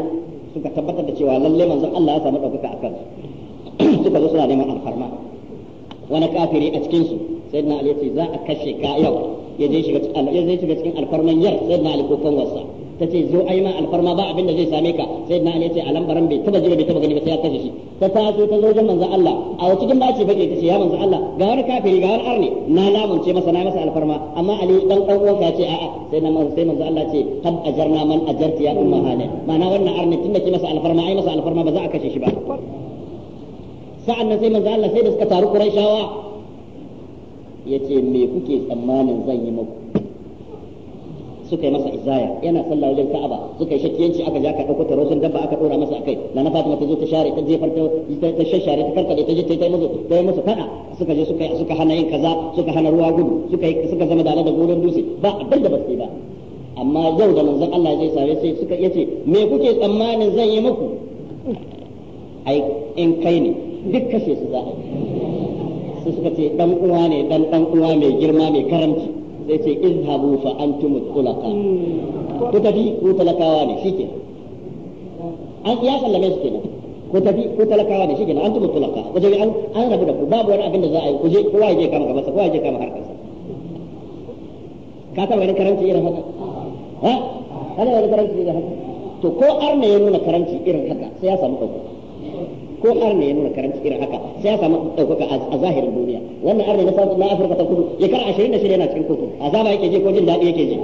suka tabbatar da cewa lalle manzon Allah ya samu ɗaukaka a kansu suka zo suna neman alfarma wani kafiri a cikin su sai na ali ya ce za a kashe ka yau ya je shiga cikin alfarman yar sai na ali ko kan wasa ta ce zo ai ma alfarma ba abin da zai same ka sai na ne ce a lambaran bai taba jira bai taba gani ba sai ya kashe shi ta taso ta zo wajen manzon Allah a cikin bace bake ta ce ya manzon Allah ga wani kafiri ga wani arne na lamunce masa na masa alfarma amma Ali dan dan uwanka ya ce a'a sai na sai manzon Allah ce kad ajarna man ajarti ya umma hale ma'ana wannan arne tunda ki masa alfarma ai masa alfarma ba za a kashe shi ba sa'an sai manzon Allah sai da suka taru Ya yace me kuke tsammanin zan yi muku suka yi masa izaya yana sallah wajen ka'aba suka yi shakiyanci aka ja ka dauko tarosun dabba aka dora masa akai na na fatima ta zo ta share ta jefar ta ta shashare ta karkade ta je ta yi musu ta yi musu fada suka je suka suka hana yin kaza suka hana ruwa gudu suka suka zama da da gurin dutse ba abin da ba ba amma yau da manzon Allah zai sare sai suka yace me kuke tsammanin zan yi muku ai in kai ne duk kashe su za a yi su suka ce dan uwa ne dan dan uwa mai girma mai karamci sai ce in habu fa antum tulaka ko tafi ko talakawa ne shike an ya sallame shi kenan ko tafi ko talakawa ne shike antum tulaka ko an an rabu da ku babu wani abin da za a yi ku je kowa ya je kama gabansa kowa ya je kama sa ka san wani karanci irin haka ha kana wani karanci irin haka to ko arna ya nuna karanci irin haka sai ya samu ɗaukaka ko arne ya nuna karanci irin haka sai ya samu ɗaukaka a zahirin duniya wannan arne na na afirka ta kudu shekara ashirin da shida yana cikin kotu azaba yake je ko jin daɗi yake je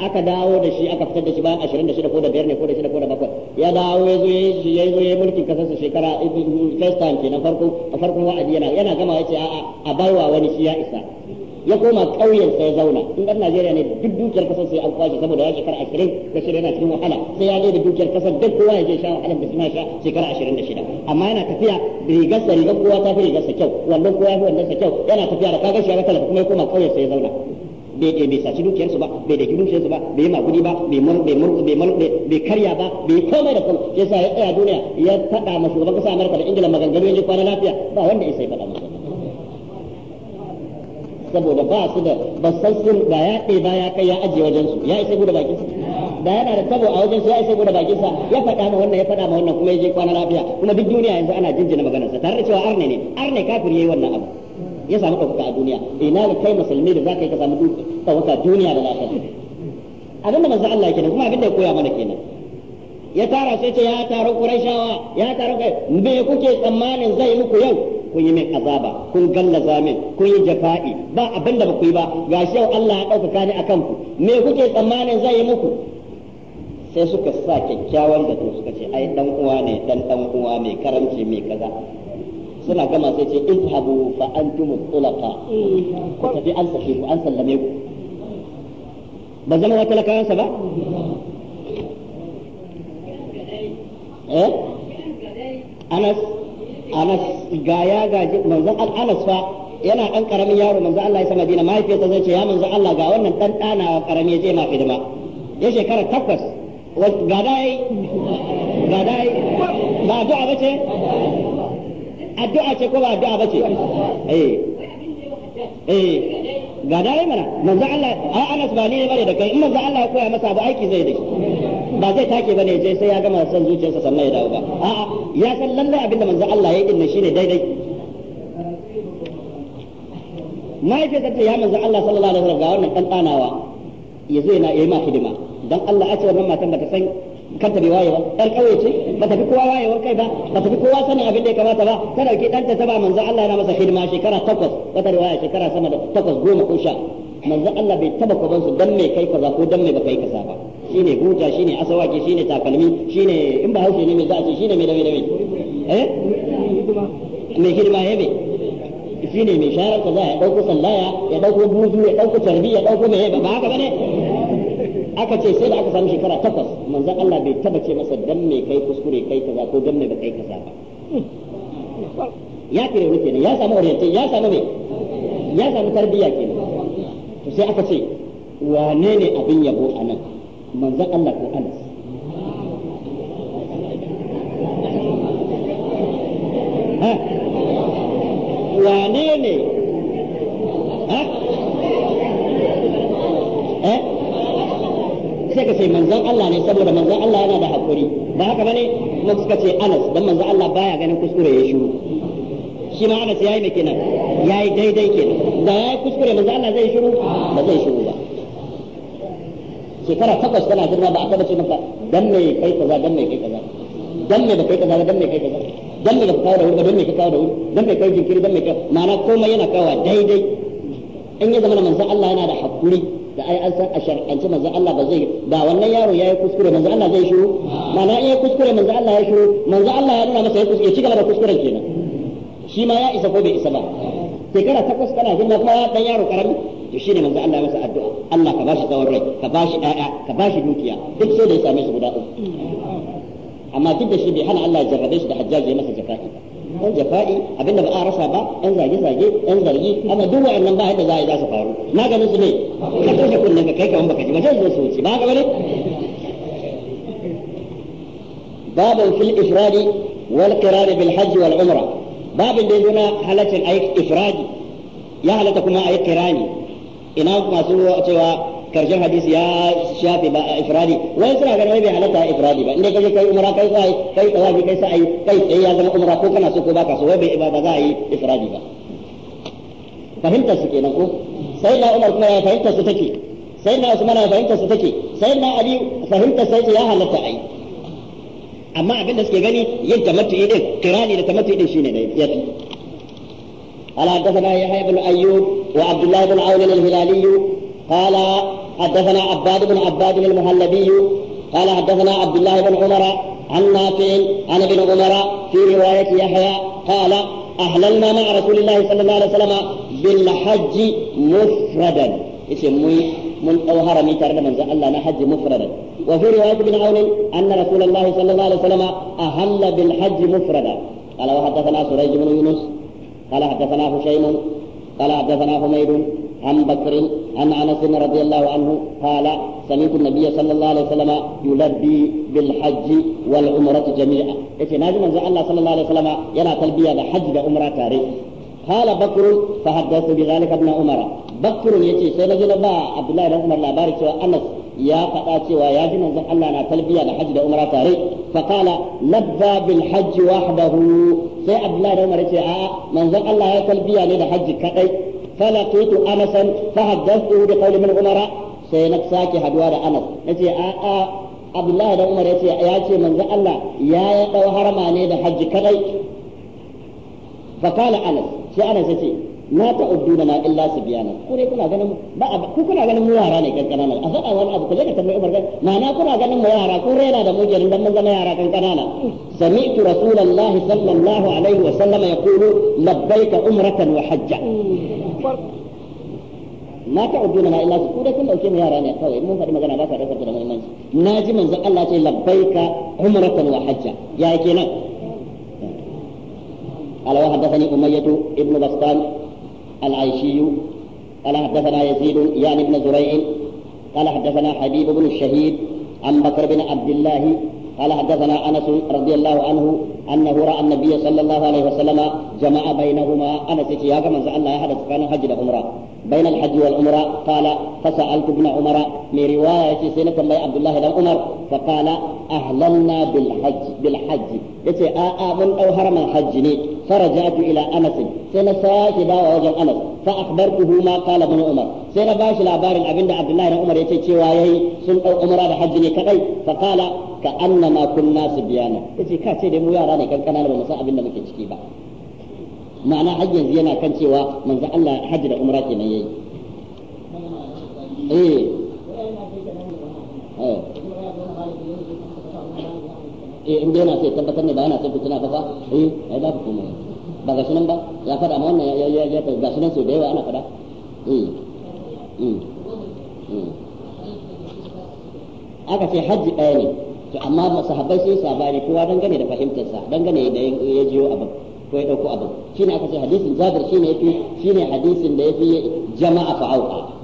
aka dawo da shi aka fitar da shi bayan ashirin da shida ko da biyar ne ko da shida ko da bakwai ya dawo ya zo ya zo ya mulkin kasarsa shekara eh, first time kenan farko a farkon wa'adi yana yana gama ya ce a baiwa wani shi ya isa ya koma ƙauyen sai zauna in ɗan Najeriya ne duk dukiyar kasar sai an kwashe saboda ya shekara ashirin da shida yana cikin wahala sai ya je da dukiyar kasar duk kowa ya je sha wahalar da suna sha shekara ashirin da shida amma yana tafiya rigarsa rigar kowa ta fi rigarsa kyau wannan kowa ya fi wannan sa kyau yana tafiya da kaga shi ya talaka kuma ya koma ƙauyen sai zauna bai da bai saci dukiyarsu ba bai daki dukiyarsu ba bai magudi ba bai mur bai mur bai mur bai karya ba bai komai da komai yasa ya tsaya duniya ya faɗa ma shugaban kasa Amurka da Ingila maganganu ya je kwana lafiya ba wanda ya sai faɗa masa saboda ba su da ba sun da ya ɗe ba ya kai ya ajiye wajen su ya isa gudu bakin su da yana da tabo a wajen su ya isa gudu bakin sa ya faɗa ma wannan ya faɗa ma wannan kuma ya je kwana lafiya kuma duk duniya yanzu ana jinjina maganar sa tare da cewa arne ne arne kafir yayi wannan abu ya samu ɗaukaka a duniya ina eh, da kai musulmi da zaka yi ka samu ɗaukaka duniya da lafiya abin da manzo Allah kenan kuma abin da ya koya mana kenan ya tara sai ce ya taro Qurayshawa ya taro kai me kuke tsammanin zai muku yau kun yi min azaba kun gallaza min kun yi jafa'i ba abin da ba ku yi ba gashi yau Allah ya ɗaukaka ni akan ku me kuke tsammanin zai yi muku sai suka sa kyakkyawan da zato suka ce ai dan uwa ne dan dan uwa mai karamci mai kaza suna gama sai ce in idhabu fa antum tulaqa ku tafi an sake ku an sallame ku ba zama wata lakayansa ba eh Anas Anas ga ya gaji manzon Anas fa yana dan karamin yaro manzon Allah ya sa Madina mahaifiyarsa zai ce ya manzon Allah ga wannan dan dana karami ya je ma hidima ya shekara takwas ga dai ga dai ba addu'a bace addu'a ce ko ba addu'a bace eh eh ga dai mana manzon Allah Anas ba ne bare da kai in manzon Allah ya koya masa abu aiki zai da shi ba zai take bane ya je sai ya gama san zuciyarsa sannan ya dawo ba a'a ya san lallai abinda manzo Allah ya yi din shine daidai mahaifiyar ta ya manzo Allah sallallahu alaihi wasallam ga wannan dan danawa ya zo yana yayi ma hidima dan Allah a ce wannan matan ta san kanta bai waye ba dan kawai ce ta fi kowa wayewar kai ba ba ta fi kowa sanin abin da ya kamata ba ta dauke danta ta ba manzo Allah yana masa hidima shekara takwas wata riwaya shekara sama da takwas goma ko sha manzon Allah bai taba kwaban su dan me kai kaza ko dan me baka yi kaza ba shine shi shine asawaki shine takalmi shine in ba haushe ne me za a ce shine me da me da me eh me hidima ya me shine mai sharar kaza ya dauko sallaya ya dauko buzu ya dauko tarbi ya dauko mai ba haka bane aka ce sai da aka samu shekara takwas manzan Allah bai taba ce masa dan me kai kuskure kai kaza ko dan me ba kai kaza ba ya kire wuce ne ya samu orientation ya samu me ya samu tarbiyya kenan to sai aka ce wane ne abin yabo a nan manzon Allah ko Anas ha wane ne ha eh sai ka ce manzon Allah ne saboda manzon Allah yana da hakuri ba haka bane kuma suka ce Anas dan manzon Allah baya ganin kuskure ya shiru shi ma Anas yayi me kenan yayi daidai kenan da yayi kuskure manzon Allah zai shiru ba zai shiru shekara takwas kana girma ba a taba ce maka dan me kai kaza dan me kai kaza dan me ba kai kaza dan me kai kaza dan me ba kawo da wuri dan me ka kawo da wuri dan me kai jinkiri dan me kai ma'ana komai yana kawo daidai in ya zama manzon Allah yana da hakuri da ai an san a shar'ance manzo Allah ba zai ba wannan yaro yayi kuskure manzo Allah zai shiru mana in ya kuskure manzo Allah ya shiru manzo Allah ya nuna masa ya kuskure ci gaba da kuskuren kenan shi ma ya isa ko bai isa ba shekara takwas kana girma kuma dan yaro karami to shine manzo Allah ya masa addu'a Allah ka bashi tsawon rai ka bashi ɗaya ka bashi dukiya duk sai da ya same su guda uku amma duk da shi bai hana Allah ya jarrabe shi da hajjaji ya masa jafa'i ɗan jafa'i abinda ba a rasa ba ɗan zage-zage ɗan zargi amma duk wa'annan ba yadda za a yi za su faru na ganin su ne ka kashe kunnen ka kai kaman baka ji ba zai zo su wuce ba haka bane babin fil ifradi wal qirari bil hajj wal umra babin da yana halaccin ayi ifradi ya halatta kuma ayi qirani ina masu cewa karshen hadisi ya shafe ba ifradi wai suna ganin wai bai halatta ifradi ba inda kaje kai umara kai sai kai tawafi kai sai kai sai ya zama umara ko kana so ko baka so wai bai ba za a yi ifradi ba fahimtar su kenan ko sai na umar kuma ya fahimtar su take sai na usman ya fahimtar su take sai na ali fahimtar sai ya halatta ai amma abin da suke gani yin tamattu din kirani da tamattu din shine ne fi قال حدثنا يحيى بن ايوب وعبد الله بن عون الهلالي قال حدثنا عباد بن عباد المهلبي قال حدثنا عبد الله بن عمر عن نافع عن ابن عمر في روايه يحيى قال اهللنا مع رسول الله صلى الله عليه وسلم بالحج مفردا اسمي من اوهر ميتر ترى من الله حج مفردا وفي روايه ابن عون ان رسول الله صلى الله عليه وسلم اهل بالحج مفردا قال وحدثنا سريج بن يونس قال حدثنا هشيم قال حدثنا حميد عن بكر عن انس رضي الله عنه قال سمعت النبي صلى الله عليه وسلم يلبي بالحج والعمرة جميعا ايش ناجي من الله صلى الله عليه وسلم يلا تلبية بحج وعمرة تاريخ قال بكر فحدثت بذلك ابن عمر بكر يتي سيدنا عبد الله بن عمر لا بارك انس ya faɗa cewa ya ji manzon Allah na talbiya da hajji da umra tare fa qala labba bil hajji wahdahu sai Abdullahi da Umar ce a manzon Allah ya talbiya ne da hajji kadai falaqitu anasan fa haddathu bi qawli min umara sai haduwa Anas nace a Abdullahi da Umar ya ce manzon Allah ya ya dau harama ne da hajji kadai fa kala Anas sai Anas yace ma ta uddu na illa su biya nan ku kuna ganin ba ku kuna ganin mu yara ne kankana na a faɗa wani abu ku je ka tambayi Umar kuna ganin mu yara ku rena da mu dan mun zama yara kan kanana sami'tu rasulullah sallallahu alaihi wa sallam labbaika umratan wa hajja ma ta uddu na illa su ku kun dauke mu yara ne kawai mun faɗi magana ba ka daukar da muhimmanci na ji manzon Allah ce labbaika umratan wa hajja ya kenan قال وحدثني أمية ابن بسطام العيشي قال حدثنا يزيد يعني بن زريع قال حدثنا حبيب بن الشهيد عن بكر بن عبد الله قال حدثنا انس رضي الله عنه انه راى النبي صلى الله عليه وسلم جمع بينهما انس يا كما الله احد سكان الحج والعمره بين الحج والعمره قال فسالت ابن عمر من روايه سنه الله عبد الله بن عمر فقال اهللنا بالحج بالحج يتي ا آه، آه، من او هرم الحج فرجعت إلى أنس سنة ساكي باوى وجه أنس فأخبرته ما قال ابن عمر سنة باش لابار الأبن عبد الله بن عمر يتيتي وايه سن أو عمر هذا حجني كغي فقال كأنما كنا سبيانا يتي كاتي دي مياراني كان كان أنا بمساء أبن مكي تشكيبا معنى حجي زينا كان تيوا من الله حجر عمرك من يجي إيه eh in dai yana sai tabbatar ne ba yana sai fitina ba fa eh ai babu komai ba ga sunan ba ya fada ma wannan ya ya ya ga sunan su da yawa ana fada eh, eh eh aka ce hajji ɗaya ne to amma sahabbai sai sabani kowa dangane da fahimtarsa dangane da ya jiyo abin ko ya ɗauko abin shine aka ce hadisin jabir shine yafi shine hadisin da yafi jama'a fa'auka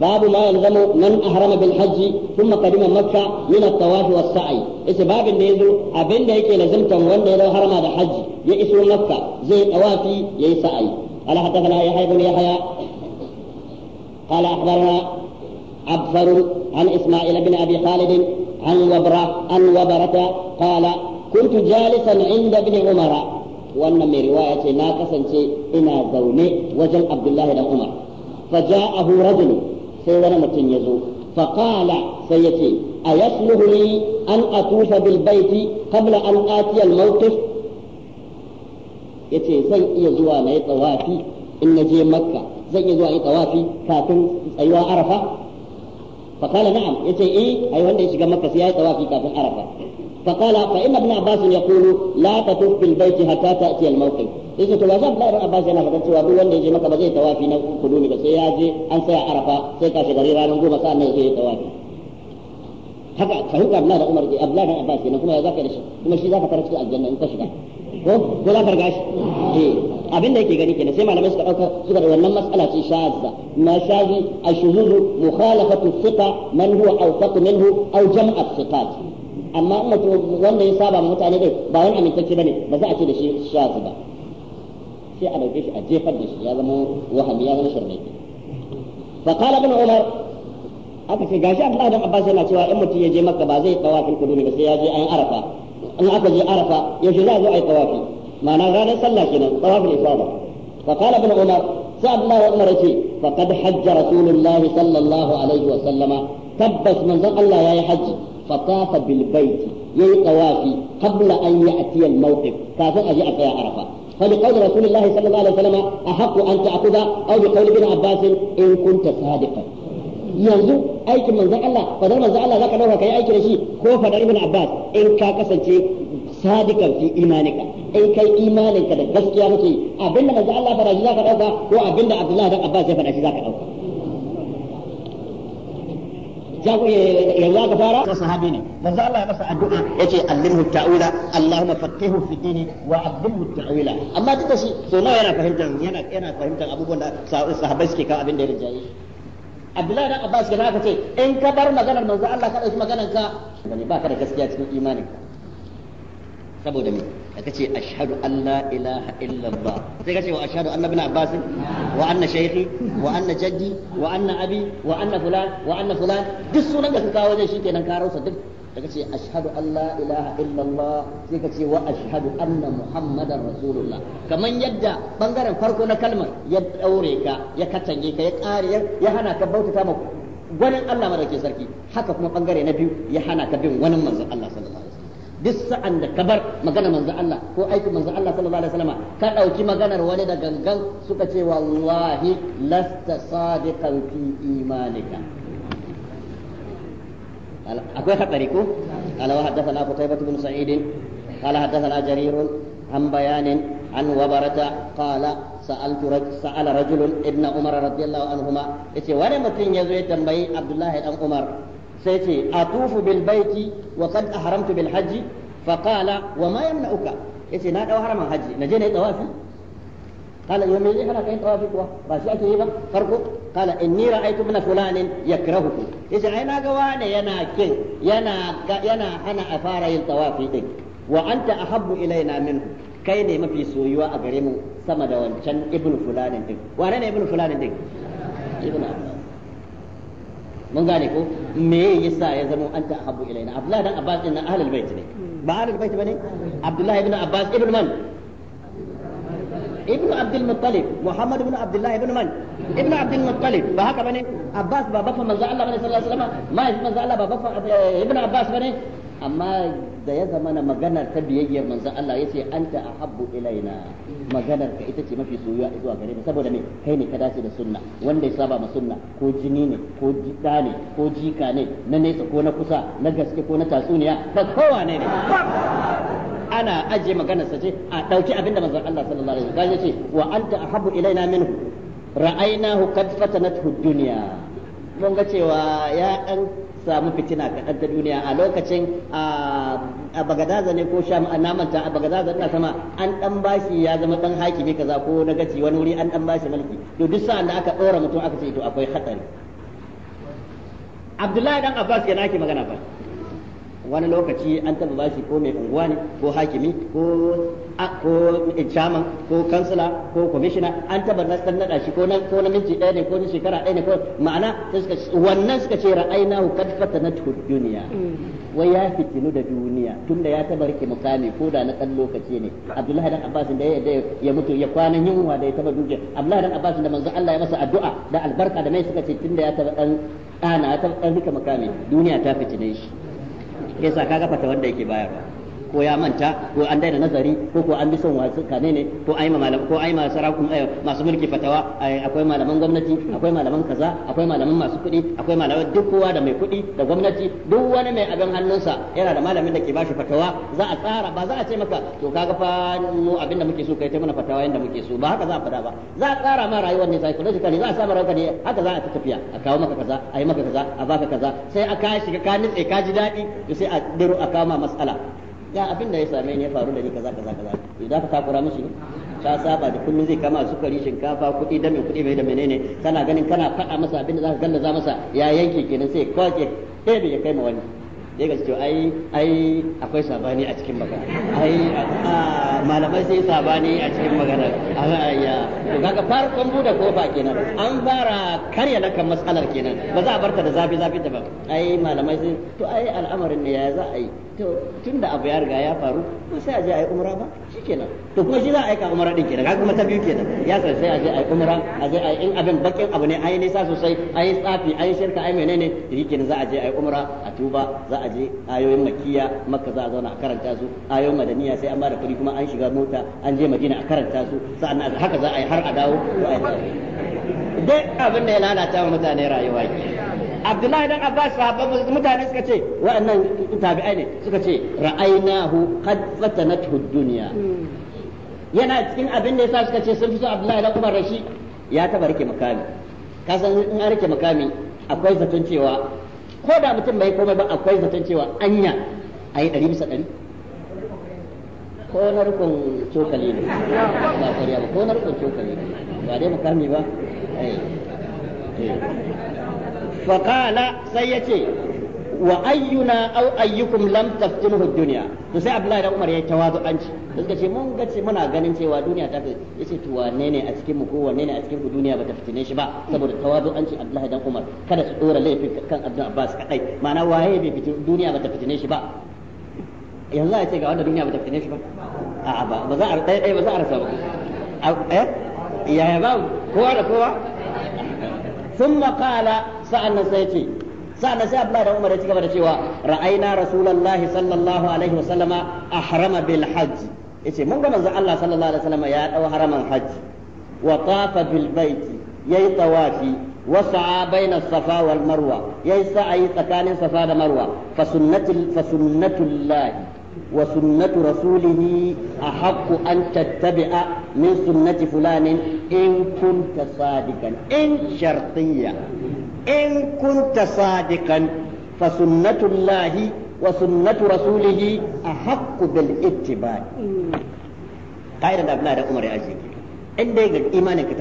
باب ما يلزم من احرم بالحج ثم قدم مكه من الطواف والسعي ايش باب اللي يزو ابين ده يكي لزمتم وند لو حرم هذا حج يئسوا مكه زي طوافي يي سعي قال حدثنا يحيى بن يحيى قال اخبرنا عبفر عن اسماعيل بن ابي خالد عن وبره عن وبره قال كنت جالسا عند ابن عمر وان من روايه ناقصا زوني وجل عبد الله بن عمر فجاءه رجل sai wani mutum ya zo faƙala sai ya ce a yasluhu li an atufa bil baiti qabla an atiya al mawqif yace zan iya zuwa na yi tsawafi in na je makka zan iya zuwa yi tsawafi kafin tsayuwa arafa faƙala na'am yace eh ai wanda ya shiga makka sai ya yi tsawafi kafin arafa فقال فإن ابن عباس يقول لا تطوف في حتى تأتي الموقف ko ko eh abin da yake gani kenan sai malamai suka dauka suka da wannan mas'ala ce shazza ma shazi ashuhud mukhalafatu thiqa man huwa awfaq minhu aw jam'a amma in mutum wanda ya saba ma mutane dai ba wani amintacce bane ba za a ce da shi shazi ba sai a dauke shi a jefar da shi ya zama wahami ya zama shirme fa qala ibn umar aka ce gashi Abdullah dan Abbas yana cewa in mutum ya je Makka ba zai tawafin kudu ba sai ya je an Arafa in aka je Arafa yaushe za a zo a yi tawafi ma'ana ranar sallah kenan tawafin ifada fa qala ibn umar sai Abdullah dan Umar ce yace faqad hajja Rasulullah sallallahu alaihi wa sallama tabbas manzon Allah yayi hajji fatafa bil baiti yayi tawafi qabla an ya'ti al mawqif kafin aje a tsaya arafa فلقول رسول الله صلى الله عليه وسلم أحق أن تأخذ أو بقول ابن عباس إن كنت صادقا yanzu aikin manzon Allah fadar manzon Allah zaka dauka kai aiki da shi ko fadar ibn Abbas in ka kasance sadikan fi imanika in kai imaninka da gaskiya kake abinda manzon Allah fara shi zaka dauka ko abinda Abdullah dan Abbas ya fara shi zaka dauka ya ya gafara na sahabi ne manzo Allah ya masa addu'a yace allimhu ta'wila Allahumma faqihu fi dini wa allimhu ta'wila amma duka shi so nawa yana fahimtar yana yana fahimtar abubuwan da sahabbai suke kawo abin da ya rijaye Abdullahi dan Abbas kana ka ce in ka bar maganar manzo Allah ka dauki maganar ka ba ka da gaskiya cikin imanin saboda me da kace ashhadu an la ilaha illallah sai kace wa ashhadu anna ibn abbas wa anna shaykhi wa anna jaddi wa anna abi wa anna fulan wa anna fulan duk sunan da ka kawo wajen shikenan ka rausa duk da kace ashhadu an la ilaha illallah sai kace wa ashhadu anna muhammadar rasulullah kaman yadda bangaren farko na kalmar ya daure ka ya katange ka ya kare ya hana ka bautata ma gwanin Allah madaukakin sarki haka kuma bangare na biyu ya hana ka bin wani manzon Allah sallallahu duk sa'an da kabar magana manzo Allah ko aikin manzo Allah sallallahu alaihi wasallam ka dauki maganar wani da gangan suka ce wallahi lasta sadiqan fi imanika akwai hatsari ko ala haddathana qutaybah bin sa'id ala hadathana jarir an bayanin an wabarata qala سألت رج... سأل رجل ابن عمر رضي الله عنهما يتي وانا متين يزوي تنبي عبد الله بن عمر a tufu bil baiti wa qad ahramtu bil hajji fa qala wa ma yamna'uka yace na dau haraman hajji na je ne tawafi qala yumi ya kana kai tawafi kuwa ba shi ake yi ba farko qala inni ra'aytu min fulanin yakrahuhu yace ai na ga wane yana kin yana hana a fara yin tawafi din wa anta habbu ilaina minhu kai ne mafi soyuwa a gare mu sama da wancan ibnu fulanin din wane ne ibnu fulanin din ibnu mun gane ko me yasa ya zama anta habbu ilaina abdullahi dan abbas ان ahlul bait ne ba ahlul bait bane abdullahi ibn abbas ibn man ابن عبد المطلب محمد بن عبد الله بن من ابن عبد المطلب بهاك بني عباس بابا فمن زعل الله صلى الله عليه وسلم ما اسم زعل الله بابا ابن عباس بني amma da ya zama na maganar ta biyayyar manzon Allah yace anta ahabbu ilaina maganar ka ita ce mafi soyuwa zuwa gare mu saboda me kai ne ka dace da sunna wanda ya saba ma sunna ko jini ne ko jida ne ko jika ne na nesa ko na kusa na gaske ko na tatsuniya ba kowa ne ne ana aje maganar sa ce a dauki abinda manzon Allah sallallahu alaihi wasallam yace wa anta ahabbu ilaina minhu ra'ainahu qad fatanathu dunya mun ga cewa ya dan samu fitina kaɗan ta duniya a lokacin a bagadaza ne ko sham a namanta a bagadaza ina sama an ɗan bashi ya zama dan hakimi kaza ko na gaci wani wuri an dan bashi mulki to duk sa'an da aka ɗora mutum aka ce to akwai hatsari Abdullahi dan Abbas yana ake magana ba wani lokaci an taba shi ko mai unguwa ne ko hakimi ko ko chairman ko kansila ko commissioner an taba nasar nada shi ko nan ko namiji ɗaya ne ko na shekara ɗaya ne ko ma'ana wannan suka ce hu kad fatanatu duniya mm. wai ya fitinu da duniya tunda ya taba rike mukami ko da na ɗan lokaci ne abdullahi dan abbas da ya ya mutu ya kwana yunwa da ya taba duniya abdullahi dan abbas da manzo Allah ya masa addu'a da albarka da mai suka ce tunda ya taba dan ana ta dan rike mukami duniya ta fitine shi yasa kaga fata wanda yake bayarwa ko ya manta ko an daina nazari ko ko an bi son wasu kane ne ko ai malam ko ai ma sarakun eh, masu mulki fatawa eh, akwai malaman gwamnati akwai malaman kaza akwai malaman masu kuɗi akwai malaman duk kowa da mai kuɗi da gwamnati duk wani mai abin hannunsa yana da malamin da ke bashi fatawa za a tsara ba za a ce maka to kaga fa mu abin da muke so kai ta mana fatawa yanda muke so ba haka za a fada ba za a tsara ma rayuwar ne psychologically za a samu rayuwar ne haka za a ta tafiya a kawo maka kaza a yi maka kaza a baka kaza sai a ka shiga ka nitse ka ji daɗi da sai a biro a kama mas'ala ya abin da ya same ni ya faru da ni kaza kaza kaza idan ka takura mishi ka saba da kullum zai kama sukari shinkafa kuɗi da mai kuɗi mai da menene kana ganin kana faɗa masa abin da za ka gallaza masa ya yanke kenan sai kwace ɗebe ya kai ma wani ya ga cewa ai ai akwai sabani a cikin magana ai malamai sai sabani a cikin magana ya to kaga farkon bude kofa kenan an fara karya kan masalar kenan ba za a barka da zafi zafi da ba ai malamai sai to ai al'amarin ne ya za a yi to tun da abu ya riga ya faru ko sai a je a yi umra ba shi kenan to kuma shi za a aika umra din kenan kuma ta biyu kenan ya san sai a je a yi umra a je a in abin bakin abu ne ayi nisa sosai ayi tsafi ayi shirka ayi menene shi kenan za a je a yi umra a tuba za a je ayoyin makkiya makka za a zauna a karanta su ayoyin madaniya sai an bada kuɗi kuma an shiga mota an je madina a karanta su sa'annan haka za a yi har a dawo dai abin da ya lalata wa mutane rayuwa kenan abdullahi dan abbas sahabban mutane suka ce waɗannan tabi'ai ne suka ce ra'ainahu qad fatanathu dunya hmm. yana cikin abin da yasa suka ce sun fi so abdullahi dan umar rashi ya taba rike makami kasan in an rike makami akwai zaton cewa ko da mutum bai komai ba akwai zaton cewa anya ayi ɗari bisa 100 ko na rukun cokali ne ba ƙarya ba ko na rukun cokali ne ba dai makami ba eh, eh. فقال سيتي wa ayyuna au ayyukum lam taftinhu sai Abdullahi da Umar yayi tawazu an ci suka ce mun ga muna ganin cewa duniya ta yace to wane ne a cikin ko wane a cikin duniya bata fitine shi ba saboda tawazu Abdullahi da Umar kada su dora laifin kan Abdul Abbas kadai ma'ana waye bata fitine shi ba yanzu a ce duniya bata shi ba a'a ba a ba ba kowa da kowa sun maƙala sa'an nan sai ce sa'an nan sai abdullahi da umar ya ci gaba da cewa ra'ayina rasulallahi sallallahu alaihi wasallama a harama bil hajji yace mun ga manzon Allah sallallahu alaihi wasallama ya dau haraman hajji wa tafa yayi tawafi وسعى بين الصفا والمروة يسعى تكان الصفا والمروة فسنة فسنة الله وسنة رسوله أحق أن تتبع من سنة فلان إن كنت صادقا إن شرطية إن كنت صادقا فسنة الله وسنة رسوله أحق بالاتباع قائلا أبناء عمر أجيب in ya ga imanin ka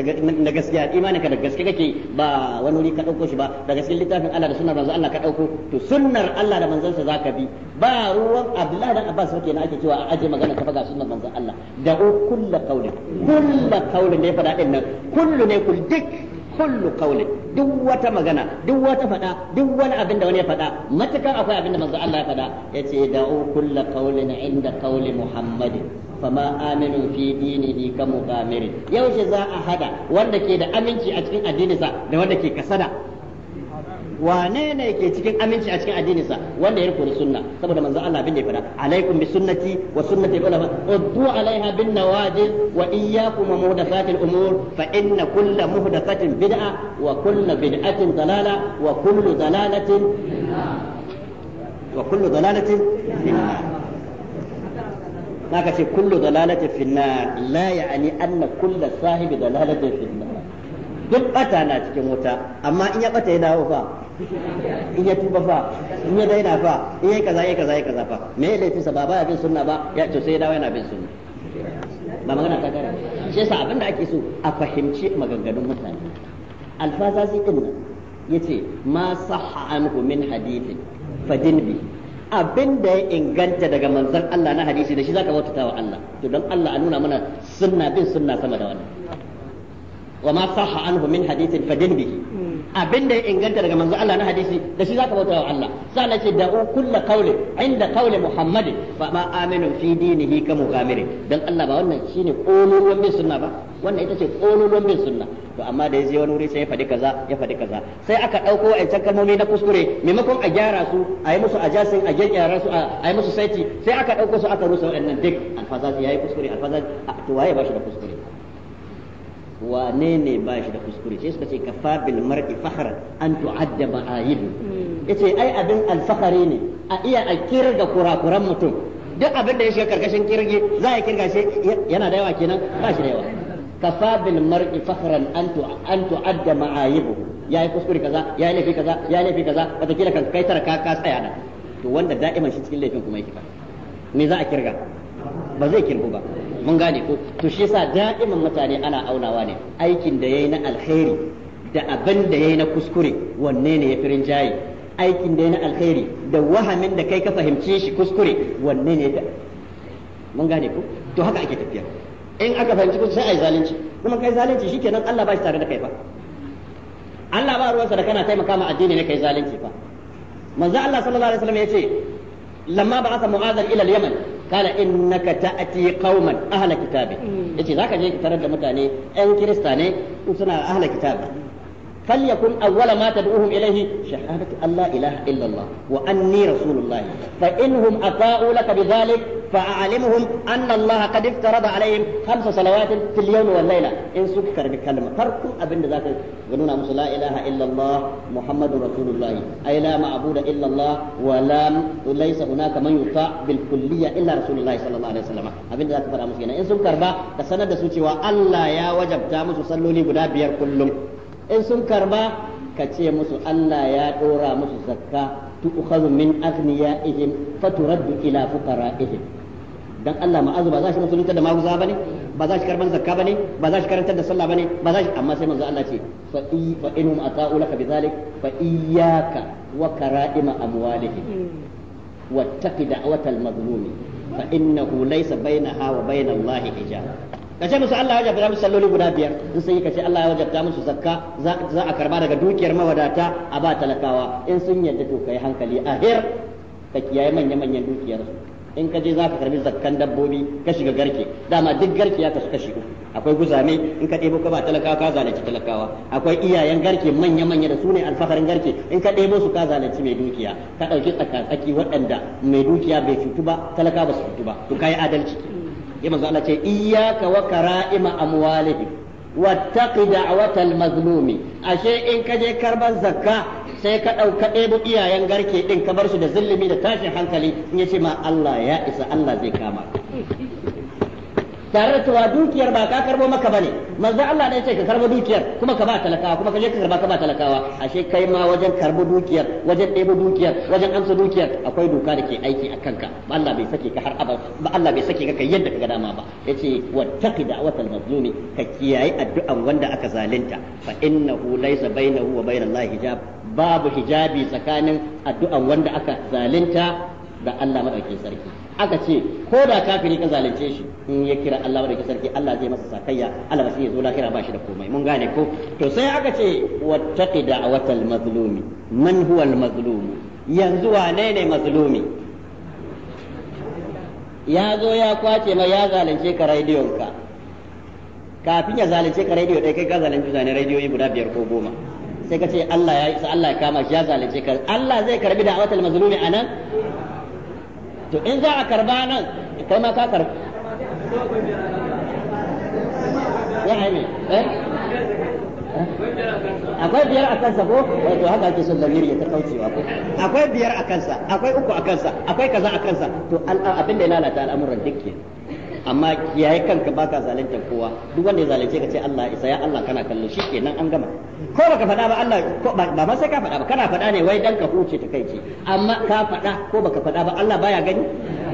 na gaskiya imanin ka da gaske kake ba wani wuri ka dauko shi ba da gaske littafin Allah da sunnar manzon Allah ka dauko to sunnar Allah da manzon sa zaka bi ba ruwan Abdullahi dan Abbas wake na ake cewa a aje magana ka faga sunnar manzon Allah da kullu qawli kullu qawli ne fada din nan kullu ne kul duk kullu qawlin duk wata magana duk wata fada duk wani abin da wani ya fada matakan akwai abin da manzo Allah ya ce yace da'u kullu qawlin inda qawli muhammadin fama aminu fi dinihi ka muqamiri yaushe za a hada wanda ke da aminci a cikin addininsa da wanda ke kasada wane ne ke cikin aminci a cikin addininsa wanda ya rikuri sunna saboda manzo Allah bin da ya fada alaikum bi sunnati wa sunnati ulama uddu alaiha bin nawajil wa iyyakum muhdathatil umur fa inna kulla muhdathatin bid'a wa kulla bid'atin dalala wa kullu dalalatin wa kullu dalalatin haka ce kullu dalalatin finnar la ya'ani anna kullu sahibi dalalatin finnar duk bata na cikin wuta amma in ya bata ya dawo fa in ya tuba fa in ya daina fa in ya kaza ya kaza ya kaza fa me ya laifinsa ba ya bin sunna ba ya to sai ya dawo yana bin sunna ba magana ta kare shi yasa abin da ake so a fahimci maganganun mutane alfaza sai din nan yace ma sahha anhu min hadithin fadin bi abin da ya inganta daga manzon Allah na hadisi da shi zaka bautata wa Allah to dan Allah a nuna mana sunna bin sunna sama da wannan wa ma sahha anhu min hadithin fadin bihi abin da ya inganta daga manzo Allah na hadisi da shi zaka bauta wa Allah sannan ce da'u kullu qawli inda qawli Muhammad fa ma aminu fi dinihi ka mugamiri dan Allah ba wannan shine kololuwan bin sunna ba wannan ita ce kololuwan bin sunna to amma da ya je wani wuri sai ya faɗi kaza ya faɗi kaza sai aka ɗauko wa'ancan kalmomi na kuskure maimakon a gyara su a yi musu ajasin a gyara su a yi musu saiti sai aka ɗauko su aka rusa wa'annan duk alfazazi yayi kuskure alfazazi to waye ba shi da kuskure wane ne ba shi da kuskure sai suka ce kafa bil mar'i fakhra an tu'adda ma'ayib mm. yace ai abin alfahari ne a iya a kirga kurakuran mutum duk abin da ya shiga karkashin kirgi za a kirga shi yana da yawa kenan ba shi da yawa Ka fa bil mar'i fakhran an tu an tu'adda ma'ayib yayi kuskure kaza yayi laifi kaza yayi laifi kaza wata kila kan kai tarka ka tsaya da. to wanda da'iman shi cikin laifin kuma yake ba me za a kirga ba zai kirgu ba mun gane ko to shi yasa da'iman mutane ana aunawa ne aikin da yayi na alkhairi da abin da yayi na kuskure wanne ne ya firin jayi aikin da yayi na alkhairi da wahamin da kai ka fahimce shi kuskure wanne ne da mun gane ko to haka ake tafiya in aka fahimci kuskure sai ai zalunci kuma kai zalunci shikenan Allah ba shi tare da kai ba Allah ba ruwansa da kana taimaka ma addini ne kai zalunci fa manzo Allah sallallahu alaihi wasallam yace lamma ba'atha mu'adhan ila al-yaman kana innaka ta'ati qauman ahla kitabi yace zaka je ki tarar da mutane ɗan kirista ne suna ahla kitabi فليكن أول ما تدعوهم إليه شهادة أن لا إله إلا الله وأني رسول الله فإنهم أطاعوا لك بذلك فأعلمهم أن الله قد افترض عليهم خمس صلوات في اليوم والليلة إن سكر بكلمة تركوا أبن ذاك يقولون أمس لا إله إلا الله محمد رسول الله أي لا معبود إلا الله ولا ليس هناك من يطاع بالكلية إلا رسول الله صلى الله عليه وسلم أبن ذاك فرامسكين إن سكر با تسند سوتي وألا يا وجب تامس صلوا لي بدا بير كلهم in sun karba ka ce musu Allah ya ɗora musu zakka tu'khadhu min aghniyaihim faturaddu ila fuqara'ihim dan Allah ma'azu ba za shi musulunta da maguza bane ba za shi karban zakka bane ba za shi karantar da sallah bane ba za shi amma sai manzo Allah ce fa i fa inhum ata'u laka bidhalik fa iyyaka wa kara'ima amwalihim wattaqi da'watal mazlumi fa innahu laysa bainaha wa bainallahi hijab ka ce musu Allah ya wajabta musu salloli guda biyar in sun yi ka ce Allah ya wajabta musu zakka za a karba daga dukiyar mawadata a ba talakawa in sun yadda to kai hankali a her ka kiyaye manya manyan dukiyar su in ka je za ka karbi zakkan dabbobi ka shiga garke dama duk garke ya kasu kashi uku akwai guzame in ka ɗebo ka ba talakawa ka zalunci talakawa akwai iyayen garke manya manya da su ne alfaharin garke in ka ɗebo su ka zalunci mai dukiya ka ɗauki tsakar-tsaki waɗanda mai dukiya bai cutu ba talakawa ba su cutu ba to ka yi adalci ya manzo Allah ce iyyaka wa kara'ima amwalihim wattaqi da'watal mazlumi ashe in ka je karban zakka sai ka dauka ɗebo iyayen garke din ka bar su da zulumi da tashin hankali in yace ma Allah ya isa Allah zai kama tare da cewa dukiyar ba ka karbo maka bane manzo Allah ne ya ce ka karbo dukiyar kuma ka ba talakawa kuma ka je ka karba ka ba talakawa ashe kai ma wajen karbo dukiyar wajen ɗebo dukiyar wajen amsa dukiyar akwai doka da ke aiki a kanka ba Allah bai sake ka har abada ba Allah bai sake ka kai yadda ka ga dama ba yace wattaqi da'watal mazlumi ka kiyaye addu'an wanda aka zalunta fa innahu laysa bainahu wa bainallahi hijab babu hijabi tsakanin addu'an wanda aka zalunta da Allah madaukakin sarki aka ce ko da kafiri ka zalunce shi in ya kira Allah da sarki Allah zai masa sakayya Allah sai ya zo lahira ba shi da komai mun gane ko to sai aka ce wattaqi da'watal mazlumi man huwa al yanzu wane ne mazlumi ya zo ya kwace ma ya zalunce ka rediyon ka kafin ya zalunce ka rediyo ɗaya kai ka zalunce zane rediyoyi guda biyar ko goma sai ka ce Allah ya Allah ya kama shi ya zalunce ka Allah zai karbi da'watal mazlumi anan to in za a karba nan kai ma ka karba ya haini eh? eh? akwai biyar a kansa ko eh, to haka ake son lamiri ya ta kaucewa ko akwai biyar a kansa akwai uku a kansa akwai kaza a kansa to abin da ya lalata al'amuran dukkan amma kiyaye kanka baka zalunta kowa duk wanda ya zalunce ka ce Allah isa ya Allah kana kallo shikenan an gama ko baka faɗa ba Allah ba ma sai ka faɗa ba kana faɗa ne wai dan ka huce ta kai ce amma ka faɗa ko baka faɗa ba Allah baya gani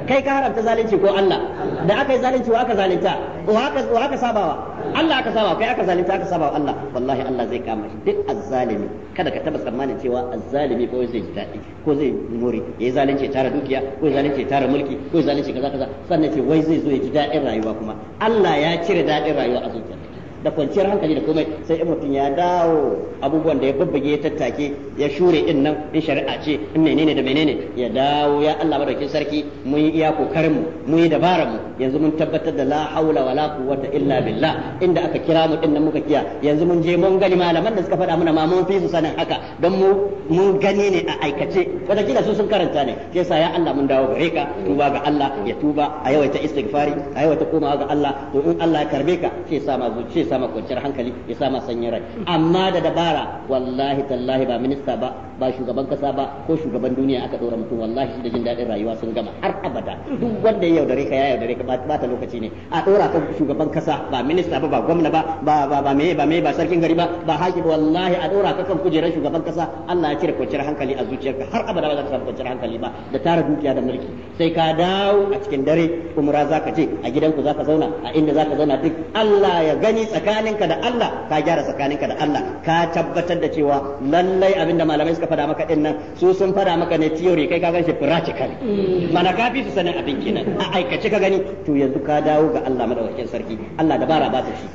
kai ka haramta zalunci ko Allah da aka yi zalunci wa aka zalunta wa aka wa aka sabawa Allah aka saba kai aka zalunta aka saba Allah wallahi Allah zai kama shi duk azzalimi kada ka taba tsammanin cewa azzalimi ko zai ji daɗi ko zai muri ya zalunce tara dukiya ko ya zalunce tara mulki ko ya zalunce kaza kaza sannan ce wai zai zo ya ji daɗin rayuwa kuma Allah ya cire daɗin rayuwa a zuciyarsa da kwanciyar hankali da komai sai in mutum ya dawo abubuwan da ya babbage tattake ya shure din nan in shari'a ce in menene da menene ya dawo ya Allah madaukin sarki mun yi iya kokarin mu mun yi dabara mu yanzu mun tabbatar da la haula wala quwwata illa billah inda aka kira mu din nan muka kiya yanzu mun je mun gani malaman da suka faɗa mana ma mun fi su sanin haka don mu mun gani ne a aikace wata kila su sun karanta ne sai sa ya Allah mun dawo gare ka tuba ga Allah ya tuba a yawaita istighfari a yawaita komawa ga Allah to in Allah ya karbe ka sai sa ma zuciya sama kwanciyar hankali ya sama sanyin rai amma da dabara wallahi tallahi ba minista ba ba shugaban kasa ba ko shugaban duniya aka dora mutum wallahi shi da jin daɗin rayuwa sun gama har abada duk wanda ya yaudare ka ya yaudare ka ba ta lokaci ne a dora ka shugaban kasa ba minista ba ba gwamna ba ba ba ba meye ba meye ba sarkin gari ba ba haƙi wallahi a dora ka kan kujerar shugaban kasa Allah ya cire kwanciyar hankali a zuciyarka har abada ba za ka samu kwanciyar hankali ba da tara dukiya da mulki sai ka dawo a cikin dare umra za ka je a gidanku za ka zauna a inda za ka zauna duk Allah ya gani tsakaninka da Allah ka gyara tsakaninka da Allah ka tabbatar da cewa lallai abinda malamai suka fada maka din nan su sun fada maka ne theory kai ka shi practical mm. mana ka fi su sanin abin kenan a aikace ka gani to yanzu ka dawo ga Allah madaukakin sarki Allah dabara ba ta shi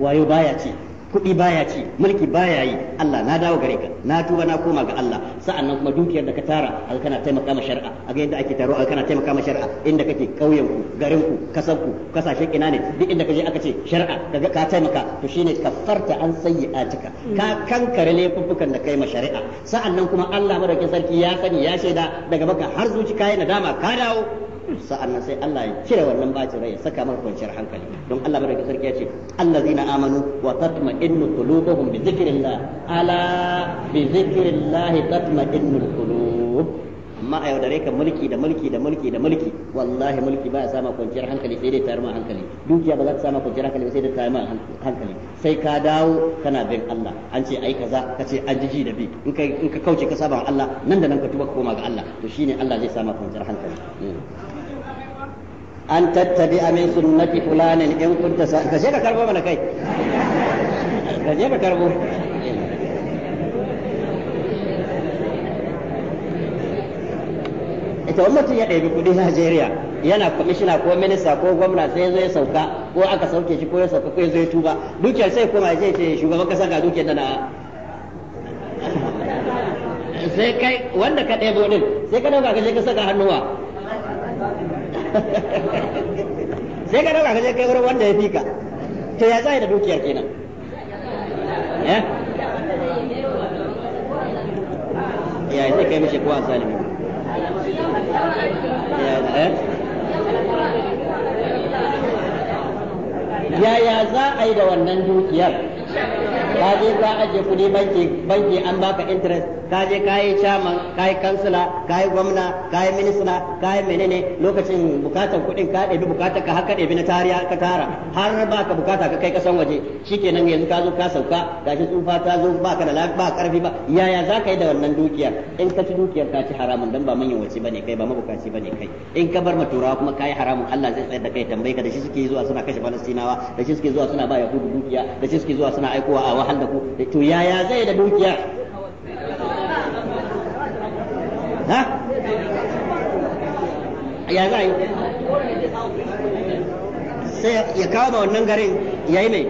wayo baya ce kuɗi baya ci mulki baya yi Allah na dawo gare ka na tuba na koma ga Allah sa'annan kuma dukiyar da ka tara al kana taimaka ma shari'a a ga yadda ake taro al kana taimaka ma shari'a inda kake kauyen ku garin ku kasar ku kasashen ina ne duk inda kaje aka ce shari'a kaga ka taimaka to shine farta an cika. ka kankare laifuffukan da kai ma shari'a sa'annan kuma Allah madaukin sarki ya sani ya shaida daga baka har zuci kai nadama ka dawo sa'annan sai Allah ya cire wannan bacin rai ya saka maka kwanciyar hankali don Allah madaukakin sarki ya ce allazina amanu wa tatma'innu qulubuhum bi dhikrillah ala bi dhikrillah tatma'innul qulub amma a yaudare ka mulki da mulki da mulki da mulki wallahi mulki ba ya sama kwanciyar hankali sai dai tayar ma hankali dukiya ba za ta sama kwanciyar hankali sai dai tayar ma hankali sai ka dawo kana bin Allah an ce ai kaza ka ce an jiji da bi in ka in ka kauce ka saba Allah nan da nan ka tuba ka koma ga Allah to shine Allah zai sama kwanciyar hankali hmm. an tattabi amin sunnati fulanin in kunta sa ka je ka karbo mana kai ka je ka karbo ita wani mutum ya ɗabi kuɗi Najeriya yana kwamishina ko minista ko gwamna sai zai sauka ko aka sauke shi ko ya sauka ko ya zo ya tuba dukiyar sai kuma ya ce shugaban kasa ga dukiyar da na sai kai wanda ka ɗaya bodin sai ka ɗauka ka je ka saka hannuwa sai ka dauka kaje kai wurin wanda ya fi ka to ya tsaya da dukiyar kenan eh? ya sai kai mishi kowa zalimi eh? yaya za a yi da wannan dukiyar ba je ka ajiye kuɗi banki banki an baka interest ka je ka yi chairman ka yi kansila ka yi gwamna ka yi ministra ka yi menene lokacin bukatar kuɗin ka ɗebi bukatar ka haka ɗebi na tariya ka tara har ba ka bukata ka kai kasan waje shikenan yanzu ka zo ka sauka shi tsufa ta zo ba ka da ba karfi ba yaya za ka yi da wannan dukiyar in ka ci dukiyar ka ci haramun dan ba manyan wace bane kai ba mabukaci bane kai in ka bar maturawa kuma ka yi haramun Allah zai tsayar da kai tambaye ka da shi suke zuwa suna kashe Falastinawa da shi suke zuwa suna ba Yahudu dukiya da shi suke zuwa suna aikowa a wahal da ku to yaya zai da dukiya ha ya za yi sai ya kawo wannan garin ya yi mai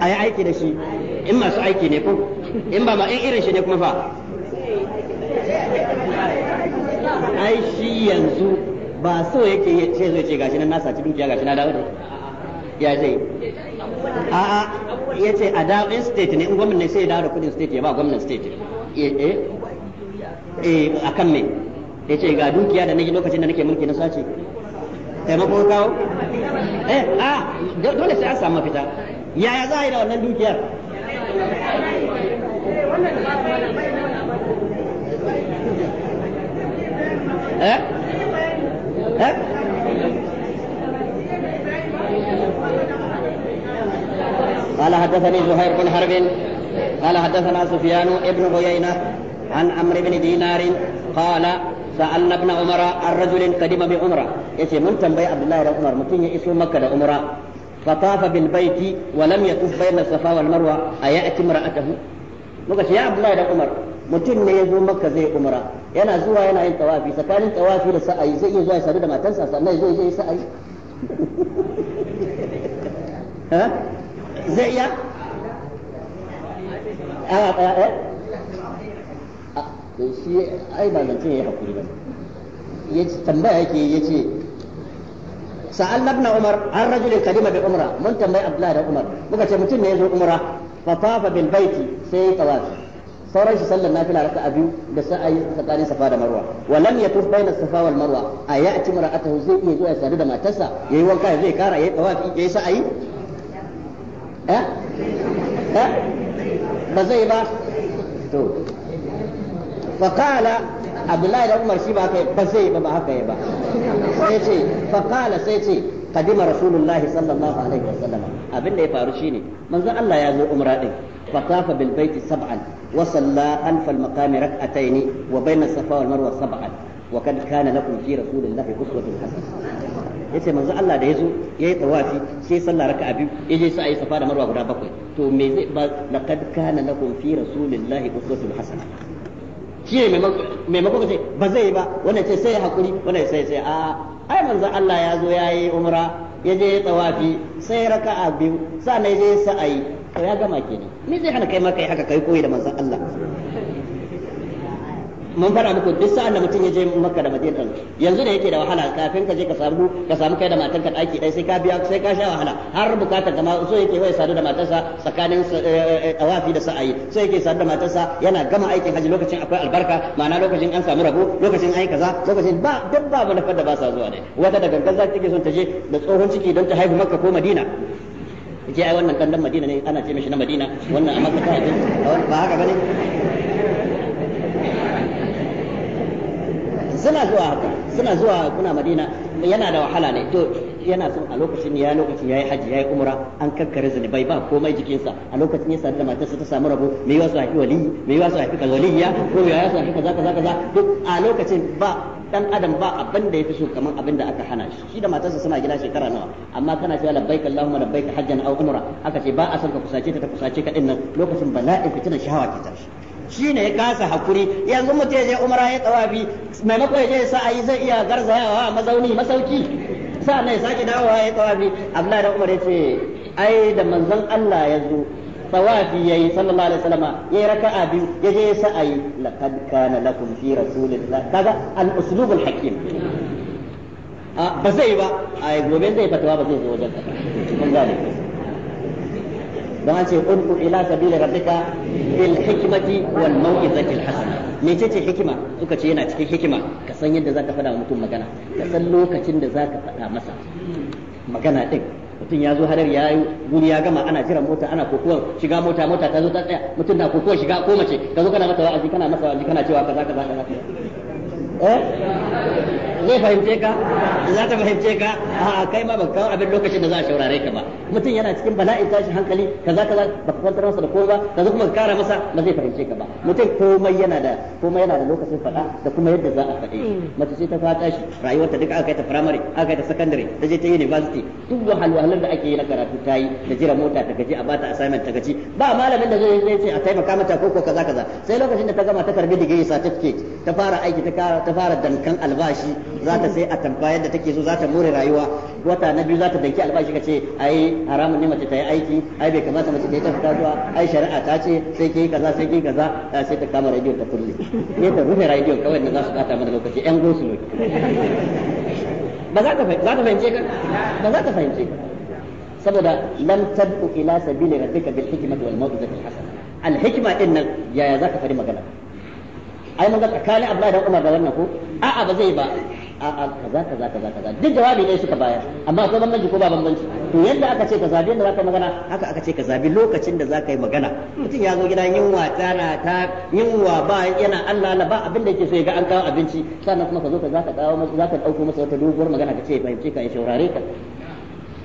a yi aiki da shi in masu aiki ne ko in ba ma in irin shi ne kuma fa ai shi yanzu ba so yake ce zai ce gashi nan na saci dukiya gashi na dawo da ya zai a'a ya ce a dawo in state ne in gwamnan sai ya dawo da kudin state ya ba gwamnan state eh eh akan me ya ce ga dukiya da nake lokacin da nake mulki na sace taimako kawo eh a dole sai an samu mafita yaya za a yi da wannan dukiyar eh eh قال حدثني زهير بن حرب قال حدثنا سفيان ابن عيينه عن عمرو بن دينار قال سألنا ابن عمر عن رجل قدم بعمرة يسي من تنبي عبد الله بن عمر متين يسوي مكة عمرة فطاف بالبيت ولم يطوف بين الصفا والمروة أيأتي امرأته muka ya Abdullahi da Umar mutum ne ya zo maka zai umra yana zuwa yana yin tawafi tsakanin tawafi da sa'ayi zai iya zuwa ya sadu da matarsa sannan zai je sa'ayi zai iya don shi ai ba zance yayi hakuri ba ya tambaya yake ya ce sa'alna ibn umar an rajulin kadima bi umra mun tambayi abdullahi da umar muka ce mutum ne ya zo umra fa tafa bil baiti sai tawafi sauran shi sallar nafila raka'a biyu da sa'ayi tsakanin safa da marwa wa lam yatuf baina safa wal marwa a ya'ti mar'atahu zai iya zuwa sadu da matarsa yayi wanka zai kara yayi tawafi yayi sa'ayi eh eh ba zai ba to fakala abdullahi da umar shi ba haka ba sai ba ba haka ba sai fakala sai ce kadima rasulullahi sallallahu alaihi wasallam abin da ya faru shine manzon Allah ya zo umra din فطاف بالبيت سبعا وصلى خلف المقام ركعتين وبين الصفا والمروه سبعا وقد كان لكم في رسول الله اسوه حسنه yace manzo Allah da yazo yayi tawafi sai sallah raka'a biyu yaje sai ayi safa da marwa guda bakwai to me zai ba laqad kana lakum fi rasulillahi uswatun hasana shi ne maimakon ce ba zai yi ba wanda ce sai hakuri wannan sai sai a ai manzo Allah ya zo ya yi umra ya je tawafi sai raka'a biyu sannan ya je sa'ayi to ya gama kenan ni zai hana kai ma kai haka kai koyi da manzo Allah mun faɗa muku duk sa'an da mutum ya je makka da madina yanzu da yake da wahala kafin ka je ka samu ka samu kai da matan ka daki ɗaya sai ka biya sai ka sha wahala har bukatar ka ma so yake wai sadu da matarsa tsakanin eh, eh, eh, tawafi da sa'ayi so yake sadu da matarsa yana gama aikin haji lokacin akwai albarka ma'ana lokacin an samu rabo lokacin ai kaza lokacin ba duk ba manufar da ba sa zuwa ne wata da gangan za take son ta je da tsohon ciki don ta haihu makka ko madina je ai wannan kandan madina ne ana ce mishi na madina wannan a makka ta ba haka bane suna zuwa haka suna zuwa kuna madina yana da wahala ne to yana son a lokacin ya lokacin yayi haji yayi umra an kankare zunubai ba komai jikinsa a lokacin ya sadu da matarsa ta samu rabo me yawa su haifi wali me yawa su haifi kazaliya ko me yawa su haifi kaza kaza kaza duk a lokacin ba dan adam ba abin da yafi so kamar abin da aka hana shi da matarsa suna gina shekara nawa amma kana cewa labbaik allahumma labbaik hajjan aw umra aka ce ba a son ka kusace ta ta kusace ka din nan lokacin bala'in fitinar shahawa ke tashi shi ne ya kasa hakuri yanzu mutum ya je umara ya tsawafi maimakon ya je sa'ayi zai iya garzayawa mazauni masauki sa'an ya sake dawowa ya tsawafi abdullahi da umar ya ce ai da manzon Allah ya zo tawafi yayi sallallahu alaihi wasallama yayi raka'a biyu yaje ya ayi laqad kana lakum fi rasulillah kaga al uslub al hakim ah, ba zai ba ai gobe zai fatawa ba zai zo wajen kun gane don an ce ud'u ila sabili rabbika bil hikmati wal mau'izati al hasana ce hikima suka ce yana cikin hikima ka san yadda zaka faɗa mutum magana ka san lokacin da zaka faɗa masa magana din mutum ya zo hadar ya yi guri ya gama ana jiran mota ana kokuwa shiga mota mota ta zo ta tsaya mutum na kokuwa shiga ko mace ka zo kana masa wa'azi kana masa wa'azi kana cewa kaza kaza kaza eh zai fahimce ka za ta fahimce ka a kai ma baka kawo abin lokacin da za a shaurare ka ba mutum yana cikin bala'in tashin hankali kaza kaza baka kwantar masa da komai ba kaza kuma ka kara masa ba zai fahimce ka ba mutum komai yana da komai yana da lokacin faɗa da kuma yadda za a faɗe hmm. mace ce ta fata shi rayuwarta duka aka kai ta primary aka kai ta secondary ta je ta university duk wahalwalar da ake yi na karatu ta yi da jira mota ta gaji a bata assignment ta gaji ba malamin da zai ce a taimaka mata ko ko kaza kaza sai lokacin da ta gama ta karbi digiri certificate ta fara aiki ta fara dankan albashi za ta sai a tamfa yadda take so za ta more rayuwa wata na biyu za ta danki albashi ka ce ai haramun ne mace ta yi aiki ai bai kamata mace ta yi ta zuwa ai shari'a ta ce sai ke yi kaza sai ke yi kaza sai ta kama rediyon ta kulle ne ta rufe rediyon kawai da za su bata mana lokaci yan gosulo ba za ta fahimce ka ba za ta fahimce ka saboda lam tabu ila sabili rabbika bil hikmati wal mau'izati al hasana al hikma din nan yaya zaka fari magana ai mun ga tsakanin Abdullahi dan Umar da wannan ko a'a ba zai ba a'a kaza kaza kaza kaza duk jawabi ne suka bayar amma akwai bambanci ko ba bambanci to yadda aka ce ka zabi yadda zaka magana haka aka ce ka zabi lokacin da zaka yi magana mutum ya zo gida yunwa tana ta yunwa ba yana Allah Allah ba abin da yake so ya ga an kawo abinci sannan kuma ka zo ka zaka kawo masa zaka dauko masa wata doguwar magana ka ce fahimce ka ya saurare ka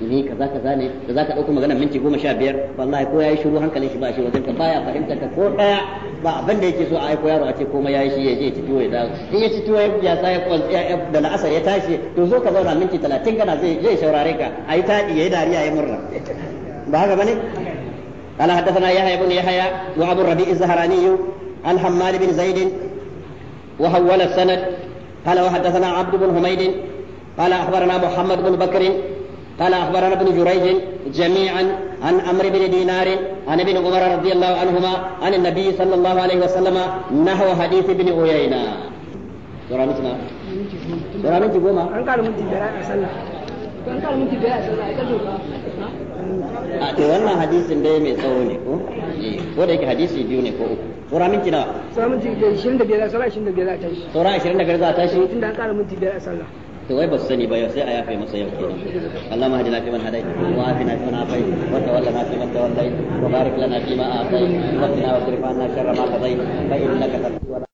ne kaza kaza ne da zaka dauko magana minti goma sha biyar wallahi ko yayi shiru hankalin shi ba shi wajen ka baya fahimtar ka ko daya ba abin da yake so a aiko yaro a ce komai yayi shi ya ci tuwo ya dawo in ya ci tuwo ya ya sai ya da la'asar ya tashi to zo ka zauna minti 30 kana zai zai shaurare ka ayi tadi yayi dariya yayi murna ba haka bane قال حدثنا يحيى بن يحيى وابو الربيع الزهراني عن حماد بن زيد وحول السند قال وحدثنا عبد بن حميد قال اخبرنا muhammad bin بكر قال أخبرنا ابن جريج جميعا عن عمرو بن دينار عن ابن عمر رضي الله عنهما عن النبي صلى الله عليه وسلم نحو حديث ابن عيينة سورة مثلا سورة مثل قوما أن قال منتي بلاء أسلا أن قال منتي بلاء أسلا أتي وانا حديث دي مي تسوني كو ko da yake hadisi biyu ne ko uku sura minti nawa sura minti 25 sura 25 za ta tashi sura 25 za ta tashi tunda an kara minti biyar a sallah to wai ba su sani ba yau sai a yafe masa yau kenan Allah ma hadina fi man hadai wa afina fi man afai wa tawallana fi man tawallai wa barik lana fi ma atai wa qina wa sirfa anna sharra ma qadai fa innaka taqdi